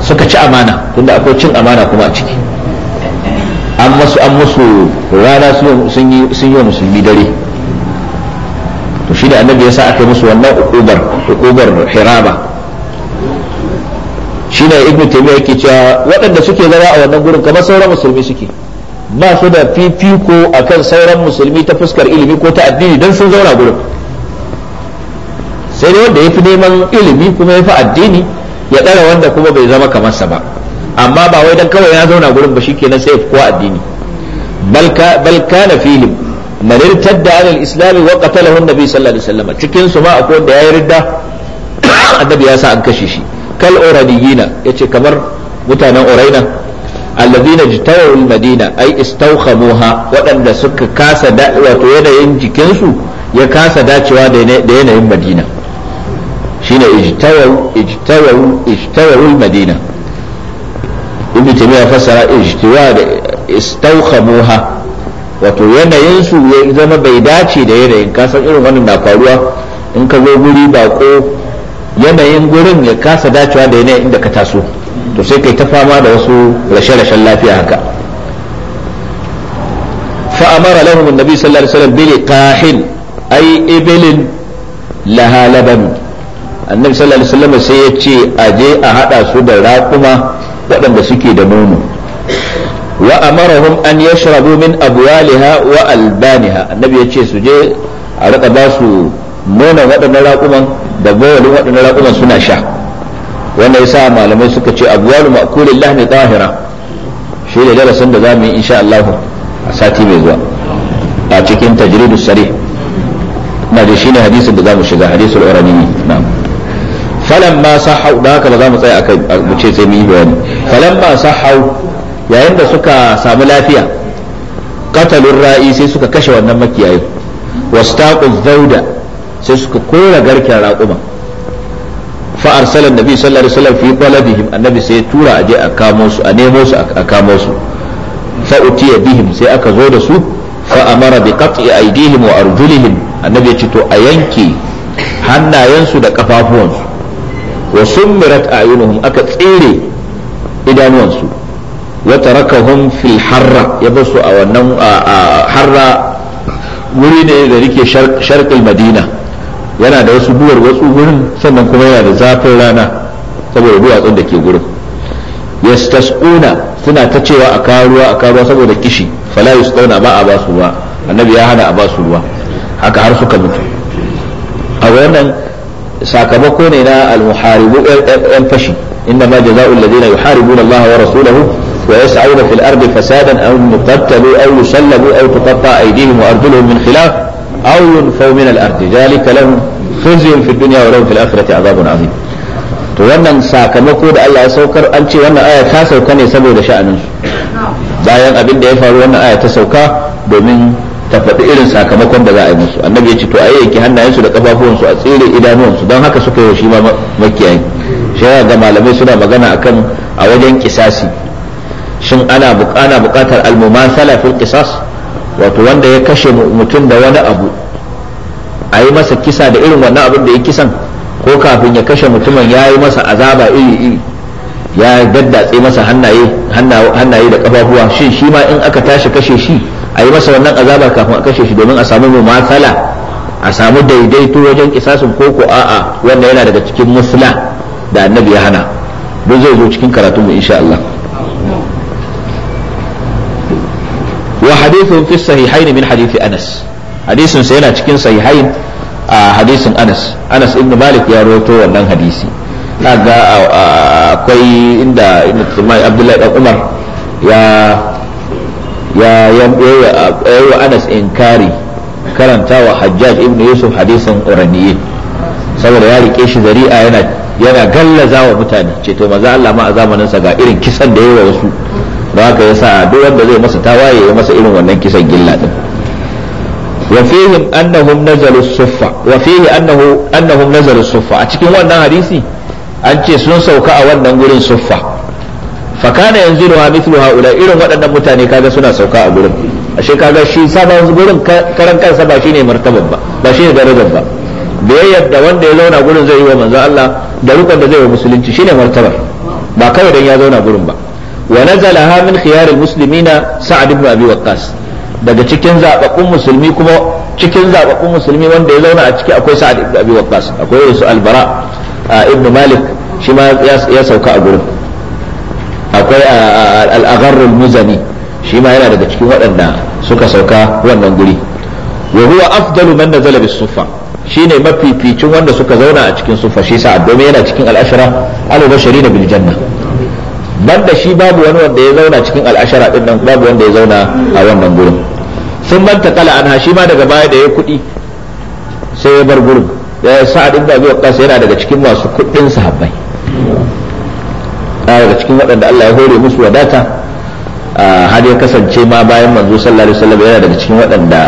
suka ci amana tunda akwai cin amana kuma a ciki an masu an musu rana sun yi wa musulmi dare to shi da annabi ya sa aka yi musu wannan ukubar ukubar hiraba shi ne ibnu ya yake cewa waɗanda suke zama a wannan gurin kamar sauran musulmi suke ba su da fifiko akan sauran musulmi ta fuskar ilimi ko ta addini don sun zauna gurin sai dai wanda ya fi neman ilimi kuma ya fi addini ya ɗara wanda kuma bai zama kamar sa ba amma ba wai dan kawai ya zauna gurin ba shikenan sai ko addini bal kana filin man irtadda ala al-islam wa qatalahu an-nabi sallallahu alaihi wasallam cikin su ma akwai wanda ya ridda annabi ya sa an kashe shi kal uradiyina yace kamar mutanen uraina alladhina jitawu al-madina ay istawkhamuha wadanda suka kasa da wato yanayin jikin su ya kasa dacewa da yanayin madina shine ijtawu ijtawu ijtawu al-madina ibn taymiya fassara ijtiwa da istawkhamuha wato yanayin su ya zama bai dace da yanayin kasan irin wannan na faruwa in ka zo guri bako yanayin gurin ya kasa dacewa da yanayin inda ka taso to sai kai ta fama da wasu rashe-rashen lafiya haka sallallahu alaihi wasallam صلى qahin ay وسلم laha laban annabi sallallahu alaihi wasallam sai ya ce aje a hada su da raquma waɗanda suke da nono wa amarahum an yashrabu min abwaliha wa albaniha annabi ya ce su je a rika ba su nonon waɗannan raƙuman da bawalin waɗannan raƙuman suna sha wanda yasa malamai suka ce abwalu ma'kulil lahmi tahira shi ne darasin da zamu yi insha Allah a sati mai zuwa a cikin tajridus sarih na da shine hadisin da zamu shiga hadisul urani na'am falan ma hau. da haka ba za mu tsaya akan mu ce sai mu yi bayani falan ma hau yayin da suka samu lafiya qatalur ra'i sai suka kashe wannan makiyayi wastaqu zauda sai suka kora garken raƙuma fa arsala annabi sallallahu alaihi wasallam fi qalabihim annabi sai tura aje a kamo su a nemo su a kamo su fa utiya bihim sai aka zo da su fa amara bi qat'i aydihim wa arjulihim annabi ya ce to a yanke hannayensu da kafafuwansu wa a ayunuhum aka tsere idanuwansu Wata raka fil harra ya basu a wannan harra wuri ne da rike madina yana da wasu buwar wasu gurin sannan kuma yana da zafin rana saboda duwatsun da ke gurin yastasquna suna ta cewa a kawo ruwa a kawo ruwa saboda kishi fala yusquna ba a su ruwa annabi ya hana a basu ruwa haka har suka mutu a wannan sakamako ne na al-muharibu eh, eh, yan fashi inna ma jazaa'ul ladina yuharibuna Allah wa rasulahu wa yas'auna fil ardi fasadan aw yuqattalu aw yusallabu aw tuqatta aydihim wa arjuluhum min khilaf aw yunfaw min al-ardi dhalika lahum khizyun fid dunya wa lahum fil akhirati 'adhabun 'azim to wannan sakamako da Allah ya saukar an ce wannan aya ta sauka ne saboda sha'anin bayan abin da ya faru wannan aya ta sauka domin ta faɗi irin sakamakon da za a yi musu annabi ya ce to a yanki hannayensu da kafafuwansu a tsere idanuwansu don haka suka yi shi ma makiyayi shi ga malamai suna magana akan a wajen kisasi shin ana bukana bukatar almumathala fil qisas wato wanda ya kashe mutum da wani abu a yi masa kisa da irin wannan abin da ya kisan ko kafin ya kashe mutumin ya yi masa azaba iri iri ya daddatse masa hannaye hannaye da kafafuwa shin shi ma in aka tashi kashe shi a yi masa wannan azabar kafin a kashe shi domin a samu mumathala a samu daidaito wajen kisasin koko a'a wannan yana daga cikin musla da annabi ya hana duk zai zo cikin karatu mu insha Allah wa hadithun fi sahihain min hadithi Anas hadisin sa yana cikin sahihain a hadisin Anas Anas ibn Malik ya rawaito wannan hadisi kaga akwai inda Abdullahi dan Umar ya ya wa anas inkari karanta wa hajjaj ibn yusuf hadisin uraniyin saboda ya rike shi zari'a yana yana gallaza wa mutane ce to maza Allah ma a zamanin sa ga irin kisan da yawa wasu don haka yasa duk wanda zai masa tawaye ya masa irin wannan kisan gilla din wa fihim annahum nazalu suffa wa fihi annahu annahum nazalu suffa a cikin wannan hadisi an ce sun sauka a wannan gurin suffa fakana yanzu ruwa mislu haula irin waɗannan mutane kaga suna sauka a gurin ashe kaga shi sabon gurin karan kansa ba shine martaban ba ba shine darajar ba biyayyar da wanda ya zauna gurin zai yi wa manzo Allah da rukun da zai yi musulunci shine martabar ba kawai dan ya zauna gurin ba wa nazala ha min khiyar almuslimina sa'ad ibn abi waqqas daga cikin zababbun musulmi kuma cikin zababbun musulmi wanda ya zauna a ciki akwai sa'ad ibn abi waqqas akwai su albara ibn malik shi ma ya sauka a gurin akwai al'agharrul muzani shi ma yana daga cikin waɗanda suka sauka wannan guri wa huwa afdalu man nazala bis sufa shine mafificin wanda suka zauna a cikin sufa shi sa domin yana cikin al'ashara al-bashari na bil janna da shi babu wani wanda ya zauna cikin al'ashara din nan babu wanda ya zauna a wannan gurin sun manta kala anha shi ma daga baya da ya kuɗi sai ya bar gurin da sa'ad ibn abi waqqas yana daga cikin masu kuɗin sahabbai talaka daga cikin waɗanda Allah ya hore musu wadata har ya kasance ma bayan manzo sallallahu alaihi wasallam yana daga cikin waɗanda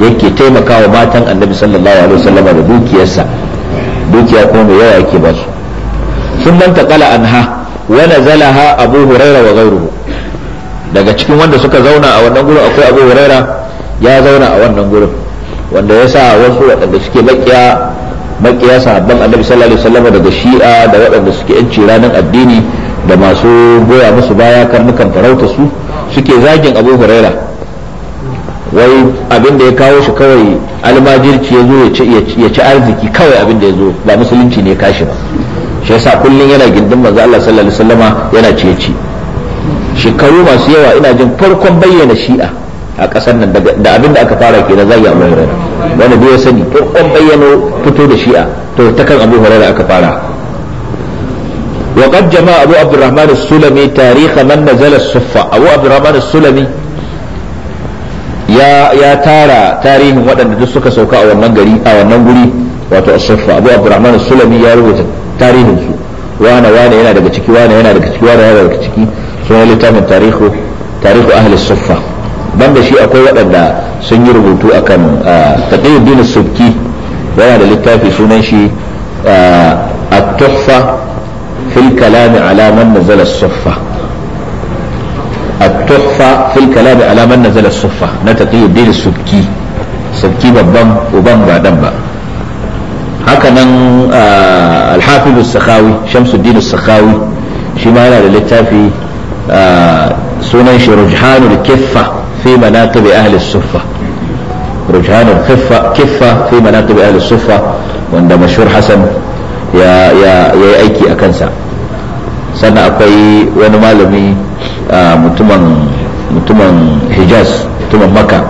yake taimakawa matan annabi sallallahu alaihi wasallam da dukiyarsa dukiya kuma mai yawa yake ba su sun manta qala anha wa nazalaha abu huraira wa ghayruhu daga cikin wanda suka zauna a wannan gurin akwai abu huraira ya zauna a wannan gurin wanda ya sa wasu waɗanda suke makiya makiya sahabban annabi sallallahu alaihi wasallam daga shi'a da waɗanda suke yan ranar addini da masu goya musu baya karnukan farauta su suke zagin abu huraira wai abin da ya kawo shi kawai almajirci ya zo ya ci arziki kawai abin da ya zo ba musulunci ne kashi ba shi yasa kullum yana gindin manzo Allah sallallahu alaihi wasallama yana ciyeci ci shekaru masu yawa ina jin farkon bayyana shi'a a kasar nan da abin da aka fara kenan zagi abu huraira wani bai sani farkon bayyano fito da shi'a to ta kan abu huraira aka fara وقد جمع أبو عبد الرحمن السلمي تاريخ من نزل الصفة أبو عبد الرحمن السلمي يا يا تارا تاريخ ودن دسوكا سوكا أو النغري أو النغري wato sulami ya rubuta tarihin su wane wane yana daga ciki wane yana daga ciki wane littafin tarihu tarihu ahli suffa banda shi akwai waɗanda sun yi rubutu akan taqiyuddin subki yana da littafi sunan shi at-tuhfa في الكلام على من نزل الصفة التحفة في الكلام على من نزل الصفة نتقي الدين السبكي سبكي ببام وبام غادم هكذا آه الحافظ السخاوي شمس الدين السخاوي شما هنا للتافي آه سنيش رجحان الكفة في مناقب أهل الصفة رجحان الكفة كفة في مناقب أهل الصفة وعند مشهور حسن يا يا يا ايكي اكنسا sannan akwai wani malami a mutumin hijaz mutumin maka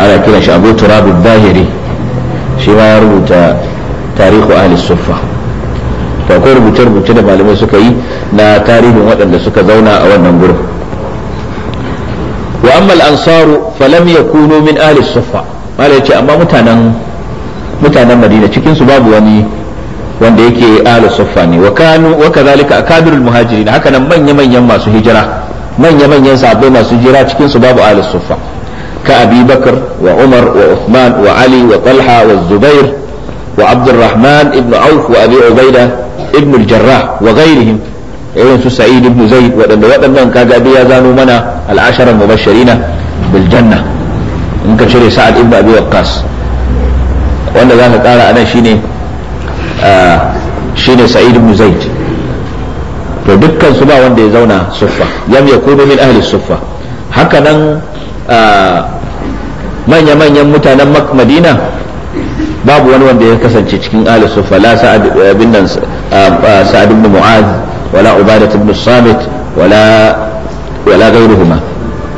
ana kiran shi abu turabu zahiri shi ma ya rubuta tarihu ahli sufa to akwai rubuce-rubuce da malamai suka yi na tarihin waɗanda suka zauna a wannan gurin wa amma al'ansaru falam kuno min ahli sufa malai ce amma mutanen madina cikinsu babu wani wanda yake ahlu suffa ne wa kanu wa kadhalika akabirul muhajirin haka nan manya manyan masu hijira manya manyan sahabbai masu hijira cikin su babu ahlu suffa ka abi bakr wa umar wa uthman wa ali wa talha wa zubair wa abdurrahman ibn auf wa abi ubaida ibn al-jarrah wa ghayrihim irin su sa'id ibn zaid waɗanda waɗannan kaga ya zano mana al'ashara mubashirina bil janna in ka cire sa'ad ibn abi waqqas wanda zaka kara anan shine shine sa'id ibn zaid to dukkan su ba wanda ya zauna suffa yam yakunu min ahli suffa haka nan manya-manyan mutanen madina babu wani wanda ya kasance cikin ahli suffa la sa'ad nan sa'ad ibn mu'adh wala ubadat ibn samit wala wala gairuhuma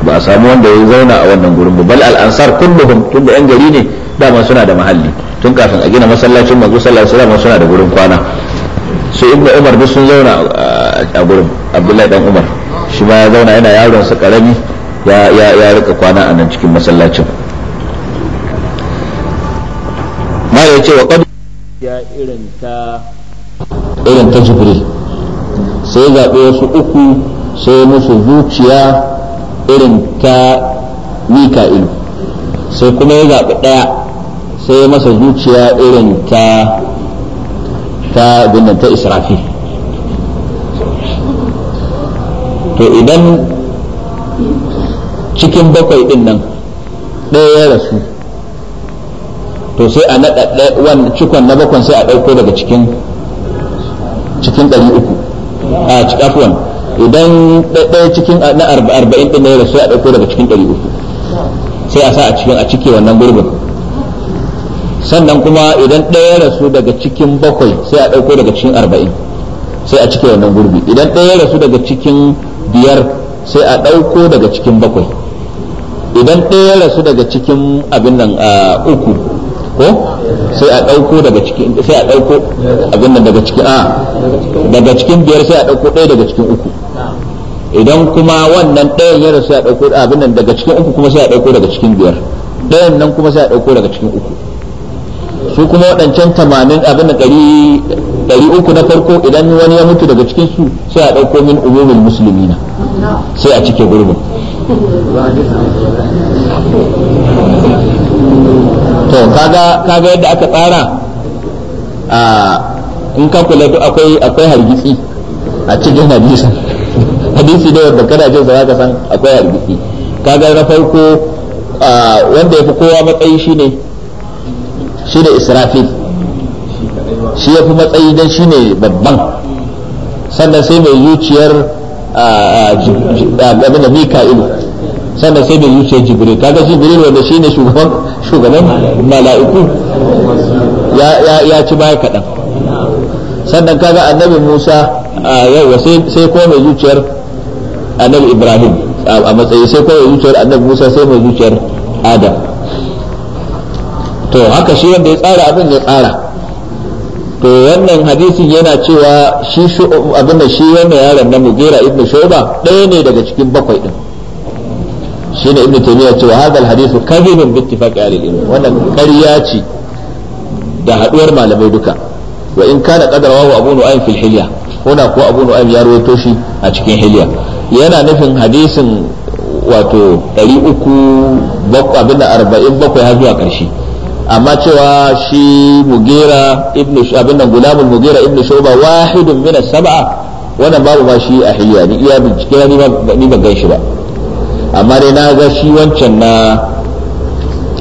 ba a samu wanda ya zauna a wannan gurin ba bal al ansar kulluhum tunda yan gari ne dama suna da mahalli tun kafin a gina masallacin manzo sallallahu alaihi wasallam suna da gurin kwana su ibnu umar duk sun zauna a gurin abdullahi dan umar shi ma ya zauna yana yaron sa karami ya ya ya rika kwana a nan cikin masallacin ma ya ce wa qad ya irin ta irin ta jibril sai zabe wasu uku sai musu zuciya irin ta ilu sai kuma ya zaɓi ɗaya sai masa zuciya irin ta ta binnan ta israfi to idan cikin bakwai din nan ɗaya ya rasu to sai a naɗa cikon na bakwai sai a ɗauko daga cikin cikin ɗari uku a cikin idan ɗaya cikin na arba'in ɗin ya rasu a ɗauko daga cikin ɗari uku sai a sa a cikin a cike wannan gurbin sannan kuma idan ɗaya rasu daga cikin bakwai sai a ɗauko daga cikin arba'in sai a cike wannan gurbi idan ɗaya rasu daga cikin biyar sai a ɗauko daga cikin bakwai idan ɗaya rasu daga cikin abin nan a uku ko sai a ɗauko daga cikin sai a ɗauko abin nan daga cikin a daga cikin biyar sai a ɗauko ɗaya daga cikin uku idan kuma wannan ɗayan ya rasu a ɗauko abin nan daga cikin uku kuma sai a ɗauko daga cikin biyar ɗayan nan kuma sai a ɗauko daga cikin uku su kuma waɗancan tamanin abin da ɗari uku na farko idan wani ya mutu daga cikin su sai a ɗauko min umumin musulmi na sai a cike gurbin to kaga kaga yadda aka tsara a in ka kula duk akwai akwai hargitsi a cikin hadisi hadisi ne wanda kana jin sa ka san akwai hargitsi kaga na farko wanda ya fi kowa matsayi shine shi ne israfil shi ya fi matsayi don shi ne babban sannan sai mai zuciyar abin da mika'ilu sannan sai mai zuciyar jibril kaga jibril wanda shi ne shugaban mala'iku ya ci baya kaɗan sannan kaga annabi musa yau sai ko mai zuciyar annabi ibrahim a matsayi sai ko mai zuciyar annabi musa sai mai zuciyar adam to haka shi wanda ya tsara abin ya tsara to wannan hadisin yana cewa shi abin da shi wannan yaron na mugera ibnu shuba ɗaya ne daga cikin bakwai din ne ibnu taymiya cewa hadal hadisu kadhibun bi ittifaqi ahli ilmi wannan ƙarya ce da haduwar malamai duka wa in kana qadarahu abu nu'aym fil hilya huna ko abu nu'aym ya rawaito shi a cikin hilya yana nufin hadisin wato 300 abin da har zuwa ƙarshe amma cewa shi mugira ibnu abin nan gulamul mugira ibnu shuba wahidun min as-sab'a wannan babu ba shi a hiyya ni iya bincike ni ni ban ba amma dai na ga shi wancan na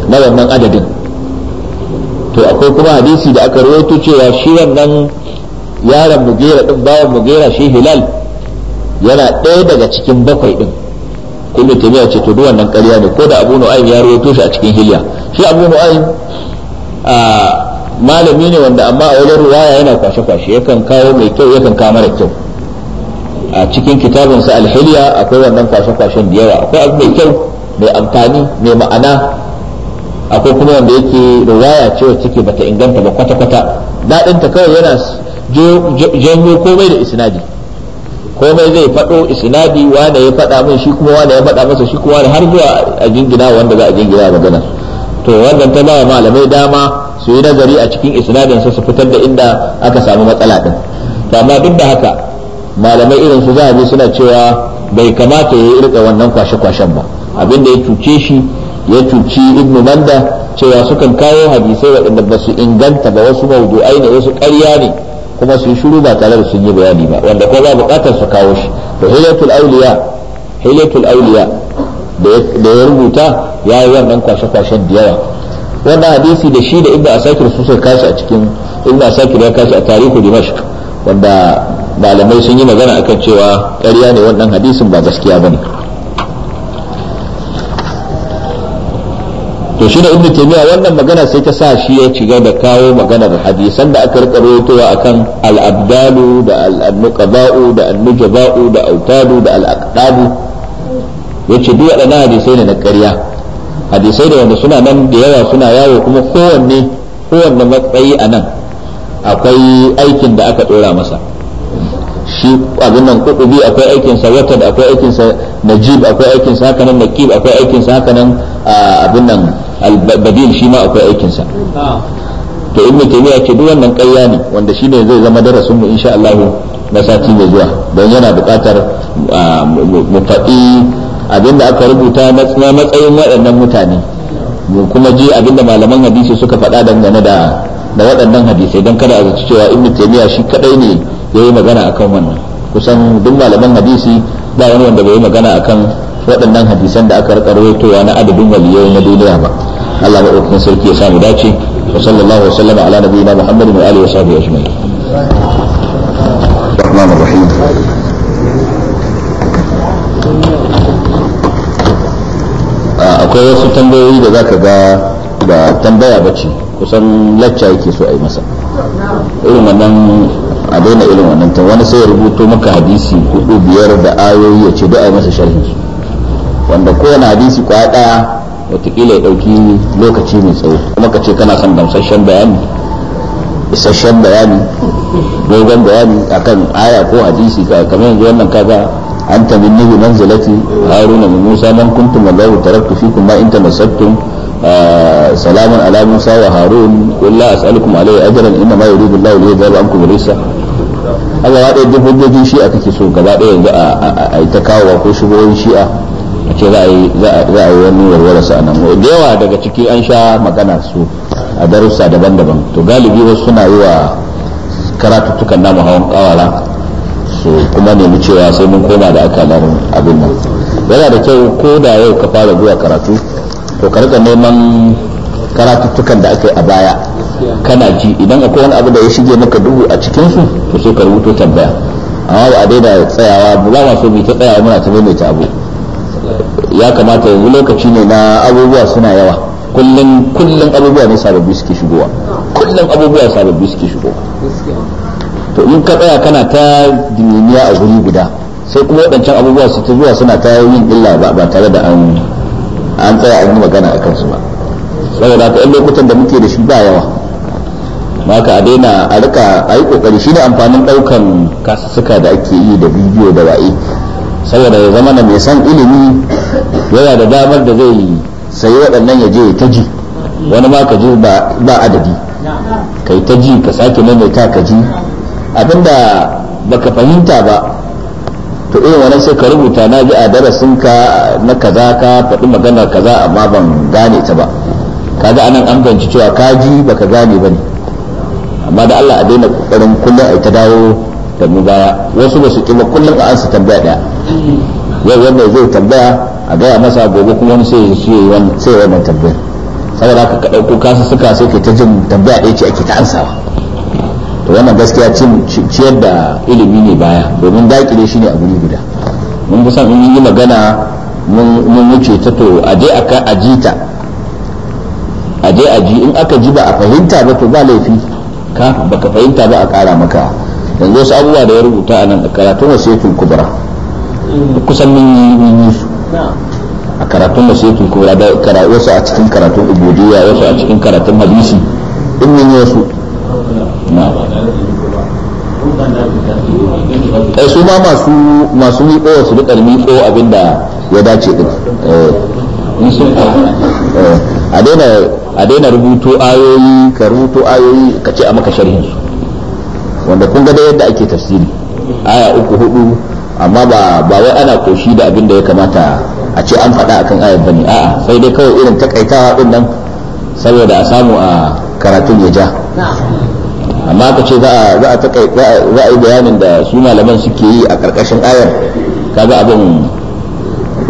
na wannan adadin to akwai kuma hadisi da aka rawaito cewa shi wannan yaron mugera din bawan mugera shi hilal yana ɗaya daga cikin bakwai din kullu tabiya ce to duwan nan ƙarya ne ko da abu nu'aym ya rawaito shi a cikin hilya shi abu a malami ne wanda amma a wajen ruwaya yana kwashe-kwashe yakan kawo mai kyau yakan kawo mara kyau a cikin kitabinsa alhiliya akwai wannan kwashe-kwashen da yawa akwai abu mai kyau mai amfani mai ma'ana akwai kuma wanda yake ruwaya ce wacce take bata inganta ba kwata-kwata daɗinta kawai yana janyo komai da isnadi komai zai faɗo isnadi wane ya faɗa min shi kuma wane ya faɗa masa shi kuma wane har zuwa a jingina wanda za a jingina magana to wannan ta bawa malamai dama su yi nazari a cikin isnadin su fitar da inda aka samu matsala din to amma duk da haka malamai irin su zahabi suna cewa bai kamata ya rika wannan kwashe-kwashen ba abin da ya cuce shi ya cuci ibnu manda cewa sukan kawo hadisai waɗanda ba su inganta ba wasu mawdu'ai ne wasu ƙarya ne kuma su yi shuru ba tare da sun yi bayani ba wanda ko ba bukatar su kawo shi to hilatul auliya hilatul auliya da ya rubuta ya yi wannan kwashe-kwashen da yawa wannan hadisi da shi da ibn asakir su suka kashi a cikin ibn asakir ya kashi a tarihu dimashq wanda malamai sun yi magana akan cewa ƙarya ne wannan hadisin ba gaskiya bane to shi da ibn taymiya wannan magana sai ta sa shi ya ci da kawo maganar hadisan da aka rika rawaitowa akan al-abdalu da al-nuqaba'u da al-nujaba'u da autadu da al yace duk waɗannan hadisai ne na ƙarya hadisai da wanda suna nan da yawa suna yawo kuma kowanne kowanne matsayi a nan akwai aikin da aka ɗora masa shi abin nan kuɗubi akwai aikin sa watad akwai aikin sa najib akwai aikin sa haka nan naqib akwai aikin sa haka nan abin nan albadil shi ma akwai aikin sa to mutum ya ce duk wannan ƙarya ne wanda shine zai zama darasin mu insha Allah na sati mai zuwa don yana buƙatar mu faɗi abinda aka rubuta na matsayin waɗannan mutane kuma ji abinda malaman hadisi suka faɗa dangane da da waɗannan hadisai don kada a zaci cewa ibn taymiya shi kadai ne ya yi magana akan wannan kusan duk malaman hadisi ba wani wanda bai yi magana akan waɗannan hadisan da aka rika rawaitowa na adadin waliyyi na duniya ba Allah maɗaukakin sarki ya sa dace wa sallallahu wa sallam ala nabiyina Muhammadin wa alihi wa sahbihi ajma'in الرحمن rahim akwai wasu tambayoyi da za ka ga ba tambaya bace kusan lacca yake so a yi masa irin wannan a daina irin wannan ta wani sai ya rubuto maka hadisi hudu biyar da ayoyi ya ce da masa sharhin su wanda kowane hadisi kwaya daya watakila ya dauki lokaci mai tsawo kuma ka ce kana son gamsasshen bayani isasshen bayani dogon bayani akan aya ko hadisi kamar yanzu wannan kaga أنت مني بمنزلتي هارون من موسى من كنتم والله تركت فيكم ما إن تمسكتم آه سلاما على موسى وهارون قل لا أسألكم عليه أجرا إنما يريد الله ليذهب عنكم الرجس Allah ya ɗaya duk hujjojin shi'a kake so gaba ɗaya yanzu a yi ta kawo ko shigoyin shi'a a za a yi wani warware sa nan da yawa daga ciki an sha magana su a darussa daban-daban to galibi wasu suna yi wa karatuttukan namu hawan kawara su kuma nemi cewa sai mun koma da akalar abin nan yana da kyau ko da yau ka fara zuwa karatu to ka rika neman karatuttukan da aka yi a baya kana ji idan akwai wani abu da ya shige maka dubu a cikin su to sai ka rubuto tambaya amma ba a daina tsayawa ba ba so mu ta tsayawa muna ta maimaita abu ya kamata yanzu lokaci ne na abubuwa suna yawa kullum kullum abubuwa ne sababbi suke shigowa kullum abubuwa sababbi suke shigowa to in ka tsaya kana ta duniya a guri guda sai kuma waɗancan abubuwa su ta zuwa suna ta yin illa ba tare da an an tsaya an yi magana a kansu ba saboda ta 'yan lokutan da muke da shi ba yawa maka a daina a rika a yi kokari shi ne amfanin ɗaukan kasussuka da ake yi da bidiyo da wa'i saboda ya zama na mai san ilimi yana da damar da zai sayi waɗannan ya je ya ta wani ma ka ji ba adadi kai ta ji ka sake maimaita ka ji abinda baka fahimta ba to irin wannan sai ka rubuta na ji a darasin ka na kaza ka faɗi maganar kaza amma ban gane ta ba kaga anan an ganci cewa ka ji baka gane ba ne amma da Allah a daina kokarin kullum ai ta dawo da mu baya wasu ba su kima kullum a ansa tambaya daya yau wanda zai tambaya a gaya masa gobe kuma wani sai shi sai wannan tambayar saboda haka ka dauko kasa suka sai ka ta jin tambaya ɗaya ce ake ta ansawa to wannan gaskiya ciyar da ilimi ne baya domin dakile shi ne a guri guda mun fi san yi magana mun wuce ta to aje aka ajita aje aji in aka ji ba a fahimta ba to ba laifi ka baka fahimta ba a kara maka yanzu wasu abubuwa da ya rubuta a nan a karatun wasiyatul kubra kusan mun yi su a karatun wasiyatul kubra da wasu a cikin karatun ubudiyya wasu a cikin karatun hadisi in mun yi wasu ai su ma masu masu miƙo su rika miƙo abinda ya dace din eh. Eh. a daina a daina rubuto ayoyi ka rubuto ayoyi ka ce a maka sharhin su wanda kun ga da yadda ake tafsiri aya uku hudu amma ba ba wai ana koshi da abinda ya kamata a ce an faɗa akan ayar bane a'a sai dai kawai irin takaitawa din nan saboda a samu a karatun ya ja amma ka ce za a za a yi bayanin da su malaman suke yi a karkashin ayar kaga abin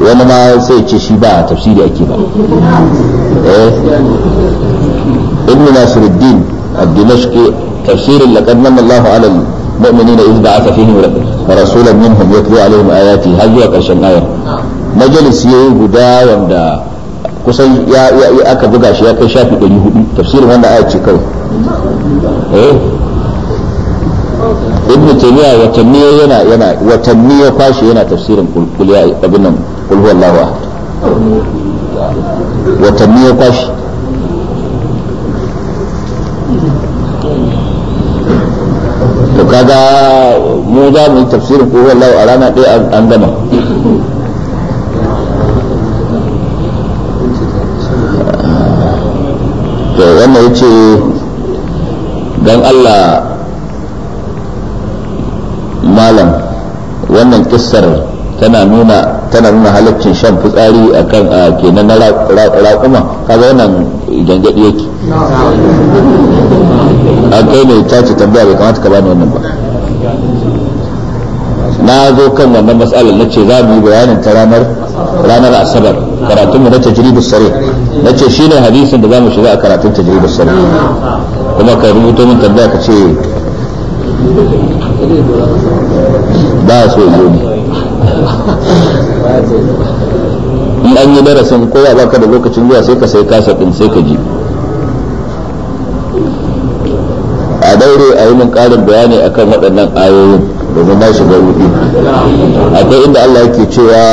wani ma sai ce shi ba tafsiri ake ba eh? ibn nasiruddin ad-dimashqi tafsirin laqad nama Allah 'ala المؤمنين إذ بعث فيهم رسولا منهم يتلو عليهم آياته هل zuwa ƙarshen ayar majalis yayin guda wanda kusan ya aka buga shi ya kai shafi 400 tafsirin wanda aya ce kawai Eh? ibn taymiya watanni yana yana watanni ya kwashi yana tafsirin kulkuliya abin nan kul huwallahu ahad watanni ya kwashi to kaga mu za mu yi tafsirin kul huwallahu a rana ɗaya an gama to wannan yace don Allah malam wannan kissar tana nuna tana nuna halaccin shan fitsari a kan a kenan na raƙuma kaga wannan gangaɗi yake a kai ne ta ce tambaya bai kamata ka bani wannan ba na zo kan wannan matsalar na ce za mu yi bayanin ta ranar ranar asabar karatunmu mu na tajribus sarih na ce shi ne hadisin da za mu shiga a karatun tajribus sarih kuma ka rubuto min tambaya ka ce ba so yi ne in an yi darasin ko ya baka da lokacin zuwa sai ka sai kasa din sai ka ji a daure a yi min karin bayani akan waɗannan ayoyin domin na shiga rufi akwai inda Allah yake cewa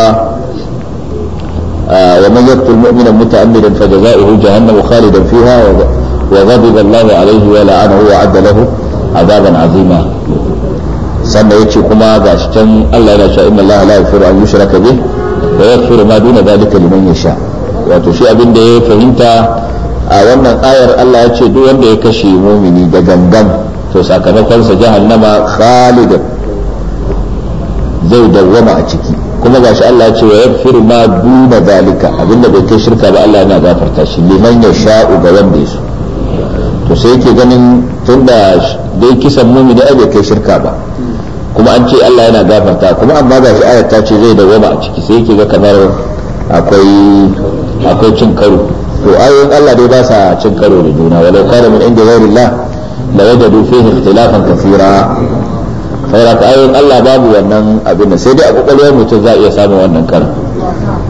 ومن يقتل مؤمنا متعمدا فجزاؤه جهنم خالدا فيها وغضب الله عليه ولعنه وعد له عذابا عظيما sannan ya kuma ga shi can Allah yana cewa inna Allah la yaghfiru an yushraka bih wa yaghfiru ma duna dhalika liman yasha wato shi abin ya fahimta a wannan ayar Allah ya ce duk wanda ya kashe mumini da gangan to sakamakon sa jahannama khalidan zai dawwama a ciki kuma gashi Allah ya ce wa yaghfiru ma duna abinda bai kai shirka ba Allah yana gafarta shi liman yasha'u ga wanda ya so to sai yake ganin da dai kisan mumi da abin kai shirka ba kuma an ce Allah yana gafarta kuma amma ga shi ayat ta ce zai da goma a ciki sai yake ga kamar akwai akwai cin karo to ayoyin Allah dai ba sa cin karo da juna wala kana min inda ghairillah la wajadu fihi ikhtilafan kaseera saboda da ayoyin Allah babu wannan abin da sai dai a kokarin mutum za a iya samun wannan karo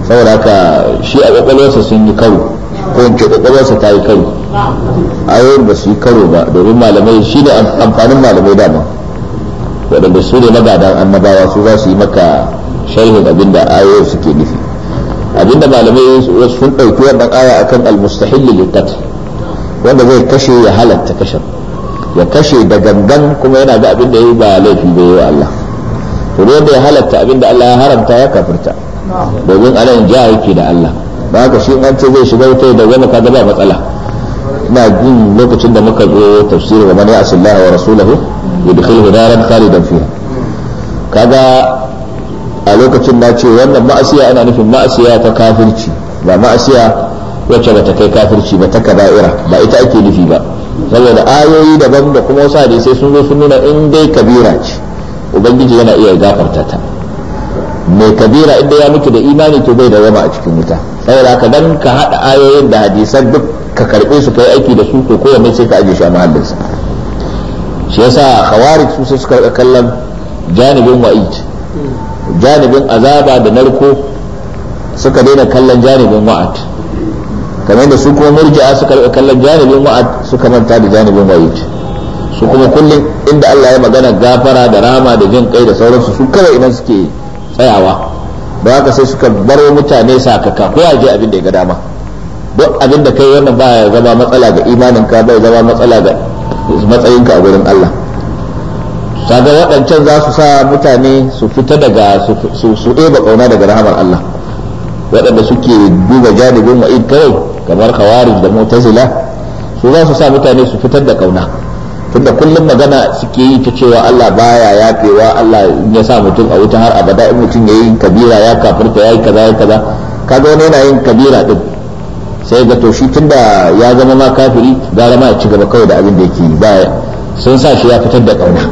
saboda ka shi a sa sun yi karo ko in ce sa ta yi karo ayoyin ba su yi karo ba domin malamai shi ne amfanin malamai dama waɗanda su ne magadan annabawa su za su yi maka sharhin abinda ayoyin suke nufi abinda malamai sun ɗauki wannan aya akan almustahil lil wanda zai kashe ya halatta kashe ya kashe da gangan kuma yana da abinda yayi ba laifi da yayi Allah to da ya halatta abinda Allah ya haramta ya kafirta domin anan ja yake da Allah ba ka shi an ce zai shiga wuta da wani kaga ba matsala ina jin lokacin da muka zo tafsiri wa man ya'sillaha wa rasulahu yudkhiluhu naran khalidan fiha kaga a lokacin na ce wannan ma'asiya ana nufin ma'asiya ta kafirci ba ma'asiya wacce bata kai kafirci ba ta kaba'ira ba ita ake nufi ba saboda ayoyi daban da kuma wasu hadisai sun zo sun nuna in dai kabira ce ubangiji yana iya gafarta ta mai kabira inda ya mutu da imani to bai da zama a cikin wuta saboda haka dan ka hada ayoyin da hadisan duk ka karɓe su kai aiki da su to kowanne sai ka aje shi a mahallinsa shi yasa khawarij su sai suka kallon janibin wa'id janibin azaba da narko suka daina kallon janibin wa'ad kamar da su kuma murji'a suka rika kallon janibin wa'ad suka manta da janibin wa'id su kuma kullum inda Allah ya magana gafara da rama da jin kai da sauransu su kawai idan suke tsayawa ba haka sai suka baro mutane sakaka ko ya je abin da ya ga dama duk abin da kai wannan baya zama matsala ga imanin ka bai zama matsala ga matsayinka a gurin Allah kaga waɗancan za su sa mutane su fita daga su su ɗeba ƙauna daga rahamar Allah waɗanda suke duba janibin wa'id kawai kamar khawarij da mu'tazila su za su sa mutane su fitar da kauna tunda kullum magana suke yi ta cewa Allah baya yafewa Allah ya sa mutum a wuta har abada in mutum yayi kabira ya kafirta yi kaza ya kaza kaga wani yana yin kabira din sai ga to shi tunda ya zama ma kafiri gara ma ya ci gaba kawai da abin da yake ba sun sa shi ya fitar da kauna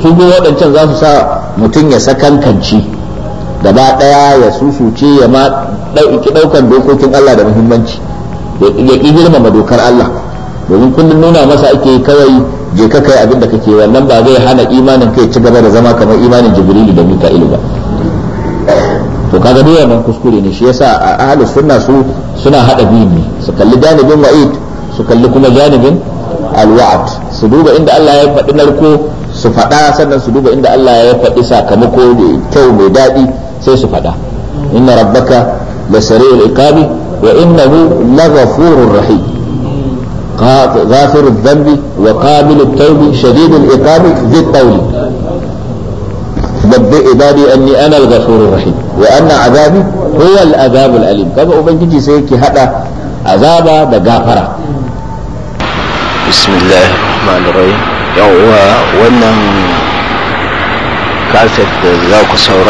su biyu waɗancan za su sa mutum ya sakankanci gaba ɗaya ya susuce ya ma ɗauki ɗaukan dokokin Allah da muhimmanci ya ƙi girmama dokar Allah domin kullum nuna masa ake kawai je ka kai abin da kake wannan ba zai hana imanin kai ci gaba da zama kamar imanin jibrilu da mika'ilu ba kaga duk wannan kuskure ne shi yasa ahlus sunna su suna hada biyu ne su kalli janibin wa'id su kalli kuma janibin alwa'd su duba inda Allah ya faɗi narko su faɗa sannan su duba inda Allah ya faɗi sakamako da kyau mai daɗi sai su faɗa inna rabbaka lasari'ul iqabi wa innahu laghafurur rahim غافر wa وقابل التوب شديد العقاب ذي الطول nabbi ibadi anni ana al-ghafurur azabi huwa al-azabul kaga ubangiji sai yake hada azaba da gafara bismillahir rahmanir rahim yawwa wannan kaset da za ku saura